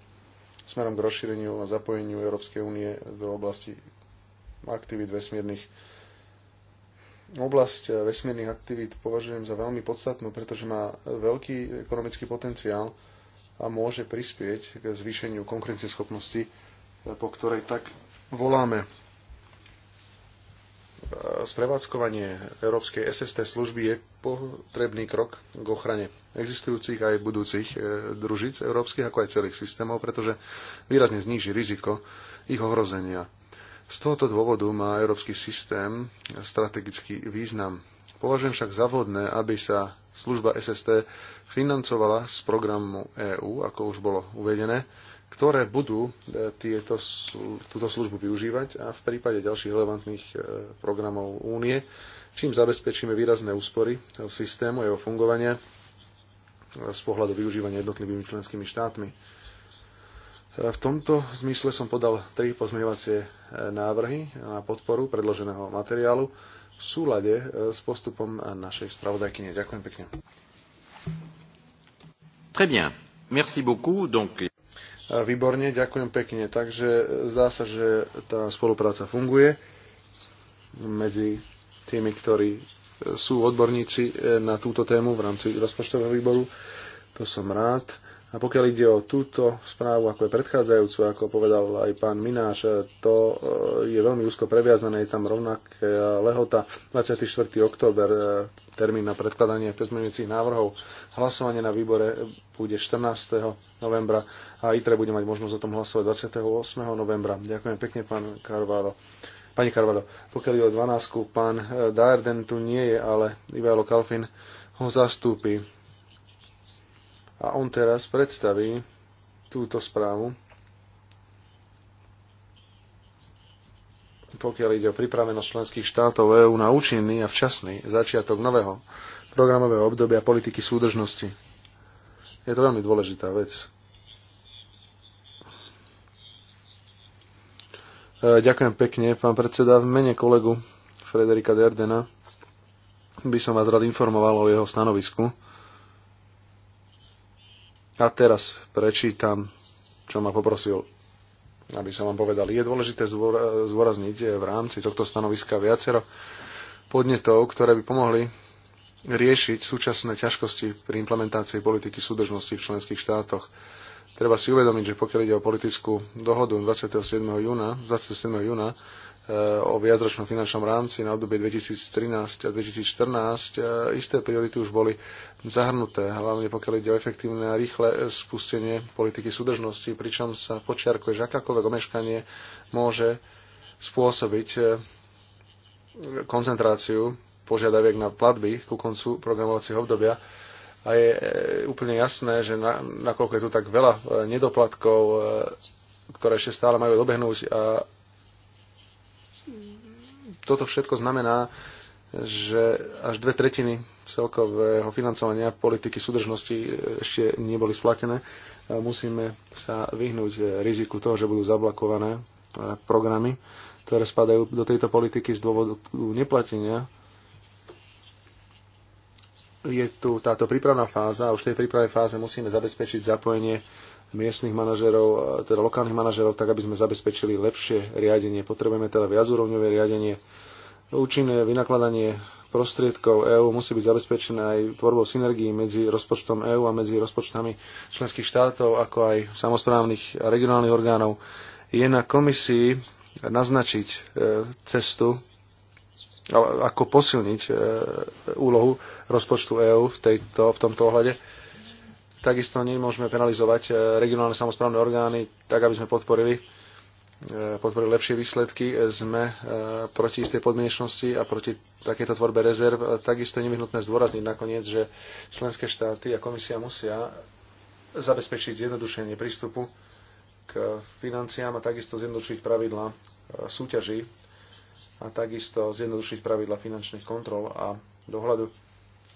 smerom k rozšíreniu a zapojeniu Európskej únie do oblasti aktivít vesmírnych. Oblasť vesmírnych aktivít považujem za veľmi podstatnú, pretože má veľký ekonomický potenciál a môže prispieť k zvýšeniu konkurencieschopnosti, po ktorej tak voláme. Sprevádzkovanie európskej SST služby je potrebný krok k ochrane existujúcich aj budúcich e, družíc európskych, ako aj celých systémov, pretože výrazne zníži riziko ich ohrozenia. Z tohoto dôvodu má európsky systém strategický význam. Považujem však za vhodné, aby sa služba SST financovala z programu EÚ, ako už bolo uvedené, ktoré budú e, tieto, túto službu využívať a v prípade ďalších relevantných e, programov únie, čím zabezpečíme výrazné úspory systému, jeho fungovania e, z pohľadu využívania jednotlivými členskými štátmi. V tomto zmysle som podal tri pozmeňovacie návrhy na podporu predloženého materiálu v súlade s postupom našej spravodajkyne. Ďakujem pekne. Très bien. Merci beaucoup. Donc... Výborne, ďakujem pekne. Takže zdá sa, že tá spolupráca funguje medzi tými, ktorí e, sú odborníci e, na túto tému v rámci rozpočtového výboru. To som rád. A pokiaľ ide o túto správu, ako je predchádzajúcu, ako povedal aj pán Mináš, e, to je veľmi úzko previazané, je tam rovnaká lehota 24. október termín na predkladanie pozmeňujúcich návrhov. Hlasovanie na výbore bude 14. novembra a ITRE bude mať možnosť o tom hlasovať 28. novembra. Ďakujem pekne, pán Karvalo. Pani Karvalo, pokiaľ je o 12, pán eh, Darden tu nie je, ale Ivalo Kalfin ho zastúpi. A on teraz predstaví túto správu. pokiaľ ide o pripravenosť členských štátov EÚ na účinný a včasný začiatok nového programového obdobia politiky súdržnosti. Je to veľmi dôležitá vec. E, ďakujem pekne, pán predseda. V mene kolegu Frederika Derdena by som vás rád informoval o jeho stanovisku. A teraz prečítam, čo ma poprosil aby som vám povedal. Je dôležité zdôrazniť eh, v rámci tohto stanoviska viacero podnetov, ktoré by pomohli riešiť súčasné ťažkosti pri implementácii politiky súdržnosti v členských štátoch. Treba si uvedomiť, že pokiaľ ide o politickú dohodu 27. júna, 27. júna E, o viacročnom finančnom rámci na obdobie 2013 a 2014 e, isté priority už boli zahrnuté, hlavne pokiaľ ide o efektívne a rýchle e, spustenie politiky súdržnosti, pričom sa počiarkuje, že akákoľvek omeškanie môže spôsobiť koncentráciu požiadaviek na platby ku koncu programovacieho obdobia. A je úplne jasné, že na, nakoľko je tu tak veľa nedoplatkov, ktoré ešte stále majú dobehnúť a toto všetko znamená, že až dve tretiny celkového financovania politiky súdržnosti ešte neboli splatené. Musíme sa vyhnúť riziku toho, že budú zablokované e, programy, ktoré spadajú do tejto politiky z dôvodu neplatenia. Je tu táto prípravná fáza a už v tej prípravnej fáze musíme zabezpečiť zapojenie miestnych manažerov, teda lokálnych manažerov, tak aby sme zabezpečili lepšie riadenie. Potrebujeme teda viacúrovňové riadenie. Účinné vynakladanie prostriedkov EÚ musí byť zabezpečené aj tvorbou synergií medzi rozpočtom EÚ a medzi rozpočtami členských štátov, ako aj samozprávnych a regionálnych orgánov. Je na komisii naznačiť e, cestu, ako posilniť e, úlohu rozpočtu EÚ v, tejto, v tomto ohľade Takisto nemôžeme penalizovať e, regionálne samozprávne orgány tak, aby sme podporili, e, podporili lepšie výsledky. E, sme proti istej podmienečnosti a proti takéto tvorbe rezerv. Takisto je nevyhnutné zdôrazniť nakoniec, že členské štáty a komisia musia zabezpečiť zjednodušenie prístupu k financiám a takisto zjednodušiť pravidla súťaží a takisto zjednodušiť pravidla finančných kontrol a dohľadu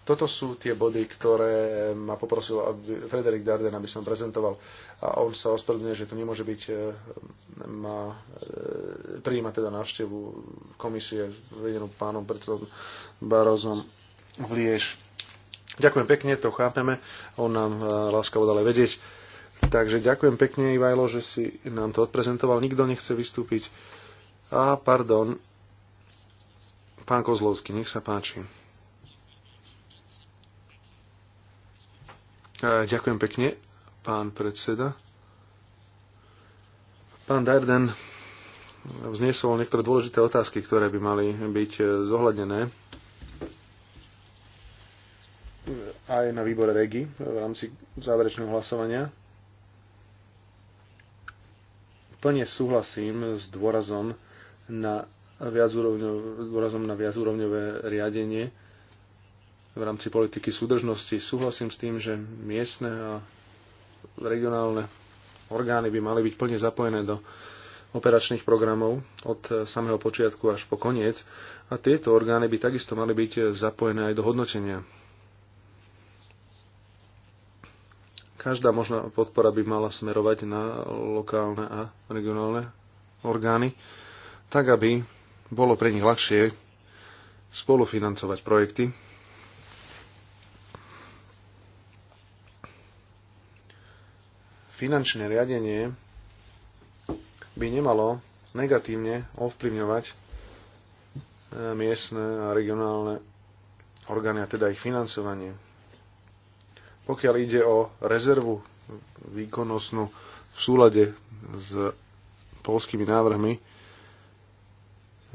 toto sú tie body, ktoré ma poprosil aby Frederik Darden, aby som prezentoval. A on sa ospravedlňuje, že to nemôže byť, e, má, e, prijíma teda návštevu komisie vedenú pánom predsedom Barozom v Liež. Ďakujem pekne, to chápeme. On nám e, láskavo dal vedieť. Takže ďakujem pekne, Ivajlo, že si nám to odprezentoval. Nikto nechce vystúpiť. A pardon, pán Kozlovský, nech sa páči. Ďakujem pekne, pán predseda. Pán Darden vzniesol niektoré dôležité otázky, ktoré by mali byť zohľadnené aj na výbore REGI v rámci záverečného hlasovania. Plne súhlasím s dôrazom na viacúrovňové, dôrazom na viacúrovňové riadenie v rámci politiky súdržnosti. Súhlasím s tým, že miestne a regionálne orgány by mali byť plne zapojené do operačných programov od samého počiatku až po koniec a tieto orgány by takisto mali byť zapojené aj do hodnotenia. Každá možná podpora by mala smerovať na lokálne a regionálne orgány, tak aby bolo pre nich ľahšie spolufinancovať projekty finančné riadenie by nemalo negatívne ovplyvňovať e, miestne a regionálne orgány, a teda ich financovanie. Pokiaľ ide o rezervu výkonnostnú v súlade s polskými návrhmi,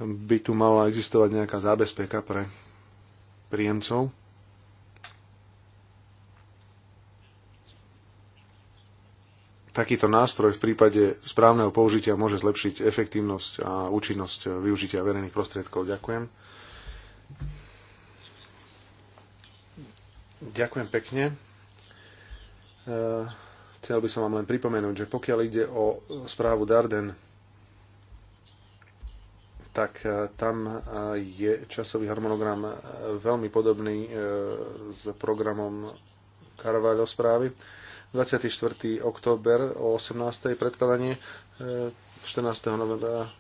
by tu mala existovať nejaká zábezpeka pre príjemcov takýto nástroj v prípade správneho použitia môže zlepšiť efektívnosť a účinnosť využitia verejných prostriedkov. Ďakujem. Ďakujem pekne. E, chcel by som vám len pripomenúť, že pokiaľ ide o správu Darden, tak e, tam e, je časový harmonogram veľmi podobný s programom Carvalho správy. 24. október o 18. predkladanie, 14. E, novembra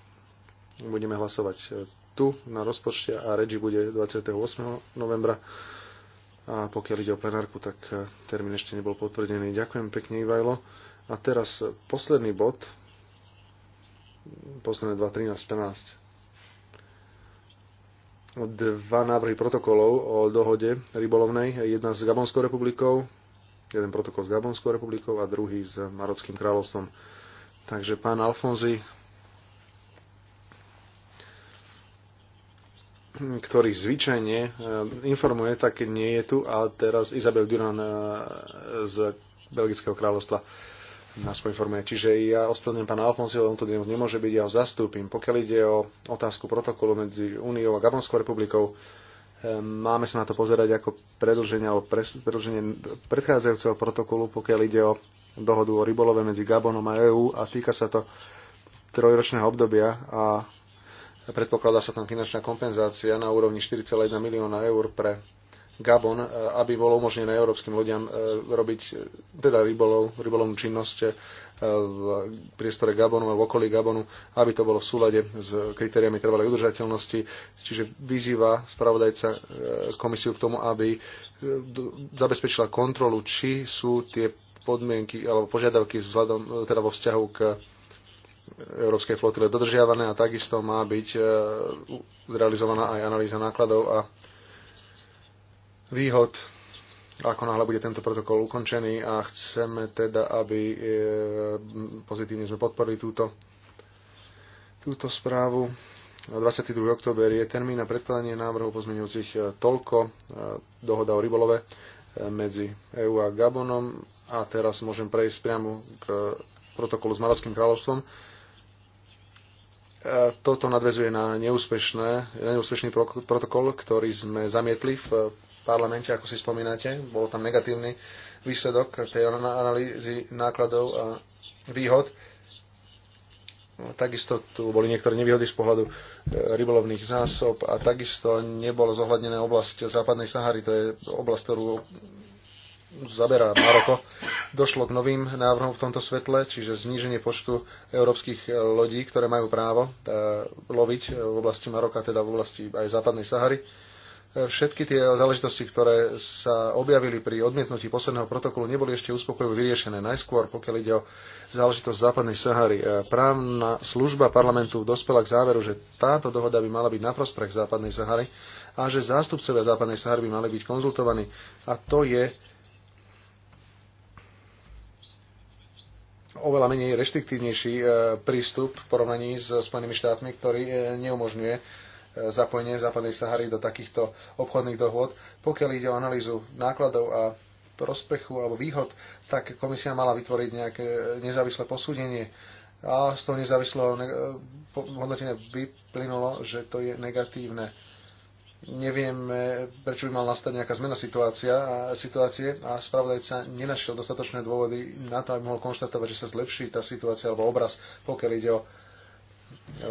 budeme hlasovať e, tu na rozpočte a reči bude 28. novembra. A pokiaľ ide o plenárku, tak e, termín ešte nebol potvrdený. Ďakujem pekne, Ivajlo. A teraz posledný bod, posledné 2, 13, 14. Dva návrhy protokolov o dohode rybolovnej, jedna s Gabonskou republikou, Jeden protokol s Gabonskou republikou a druhý s Marockým kráľovstvom. Takže pán Alfonzi, ktorý zvyčajne eh, informuje, tak nie je tu. A teraz Izabel Duran eh, z Belgického kráľovstva nás poinformuje. Čiže ja ospravedlňujem pána Alfonsi, on tu dnes nemôže byť, ja ho zastúpim. Pokiaľ ide o otázku protokolu medzi Úniou a Gabonskou republikou, Ehm, máme sa na to pozerať ako predlženie, alebo predlženie predchádzajúceho protokolu, pokiaľ ide o dohodu o rybolove medzi Gabonom a EÚ a týka sa to trojročného obdobia a predpokladá sa tam finančná kompenzácia na úrovni 4,1 milióna eur pre Gabon, e, aby bolo umožnené európskym ľuďom e, robiť e, teda rybolov, rybolovnú činnosť v priestore Gabonu a v okolí Gabonu, aby to bolo v súlade s kritériami trvalej udržateľnosti. Čiže vyzýva spravodajca komisiu k tomu, aby zabezpečila kontrolu, či sú tie podmienky alebo požiadavky vzhľadom, teda vo vzťahu k európskej flotile dodržiavané a takisto má byť realizovaná aj analýza nákladov a výhod, ako náhle bude tento protokol ukončený a chceme teda, aby e, pozitívne sme podporili túto, túto správu. 22. október je termín na predkladanie návrhov pozmeňujúcich e, toľko e, dohoda o rybolove medzi EÚ a Gabonom a teraz môžem prejsť priamo k protokolu s Marockým kráľovstvom toto nadvezuje na neúspešné, na neúspešný protokol, ktorý sme zamietli v parlamente, ako si spomínate. Bol tam negatívny výsledok tej analýzy nákladov a výhod. Takisto tu boli niektoré nevýhody z pohľadu e, rybolovných zásob a takisto nebolo zohľadnené oblasť západnej Sahary, to je oblasť, ktorú zaberá Maroko. Došlo k novým návrhom v tomto svetle, čiže zníženie počtu európskych lodí, ktoré majú právo e, loviť v oblasti Maroka, teda v oblasti aj západnej Sahary všetky tie záležitosti, ktoré sa objavili pri odmietnutí posledného protokolu, neboli ešte uspokojivo vyriešené. Najskôr, pokiaľ ide o záležitosť západnej Sahary, e, právna služba parlamentu dospela k záveru, že táto dohoda by mala byť na prospech západnej Sahary a že zástupcovia západnej Sahary by mali byť konzultovaní. A to je oveľa menej reštriktívnejší e, prístup v porovnaní s Spojenými štátmi, ktorý e, neumožňuje E, zapojenie západnej Sahary do takýchto obchodných dohôd. Pokiaľ ide o analýzu nákladov a prospechu alebo výhod, tak komisia mala vytvoriť nejaké nezávislé posúdenie a z toho nezávislého e, hodnotenia vyplynulo, že to je negatívne. Nevieme, prečo by mal nastať nejaká zmena situácia a, situácie a spravodajca nenašiel dostatočné dôvody na to, aby mohol konštatovať, že sa zlepší tá situácia alebo obraz, pokiaľ ide o e,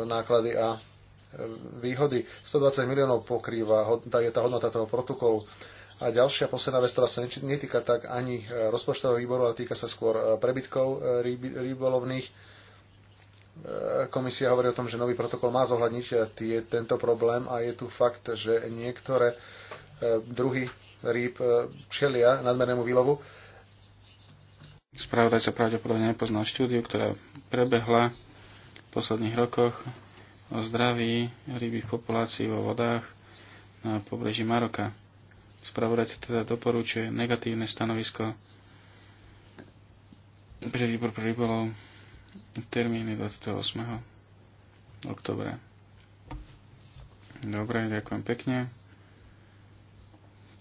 náklady a výhody. 120 miliónov pokrýva, je tá hodnota toho protokolu. A ďalšia posledná vec, ktorá sa netýka tak ani e, rozpočtového výboru, ale týka sa skôr e, prebytkov e, rybolovných. Komisia hovorí o tom, že nový protokol má zohľadniť tie, tento problém a je tu fakt, že niektoré druhy rýb čelia nadmernému výlovu. Spravodaj sa pravdepodobne nepoznal štúdiu, ktorá prebehla v posledných rokoch o zdraví rybých populácií vo vodách na pobreží Maroka. Spravodajca teda doporučuje negatívne stanovisko pre výbor pre rybolov termíny 28. oktobra. Dobre, ďakujem pekne.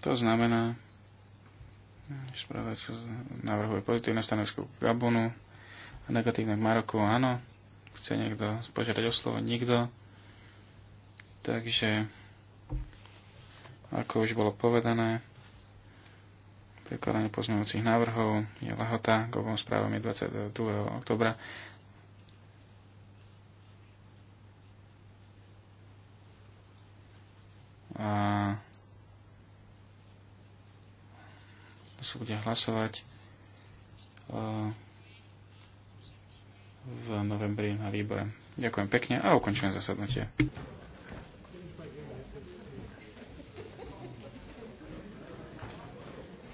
To znamená, spravodajca navrhuje pozitívne stanovisko k Gabonu a negatívne k Maroku, áno. Chce niekto požiadať o slovo? Nikto. Takže, ako už bolo povedané, prekladanie pozmeňujúcich návrhov je lahota. govom správom je 22. oktobra. A sa bude hlasovať e, v novembri na výbore. Ďakujem pekne a ukončujem zasadnutie.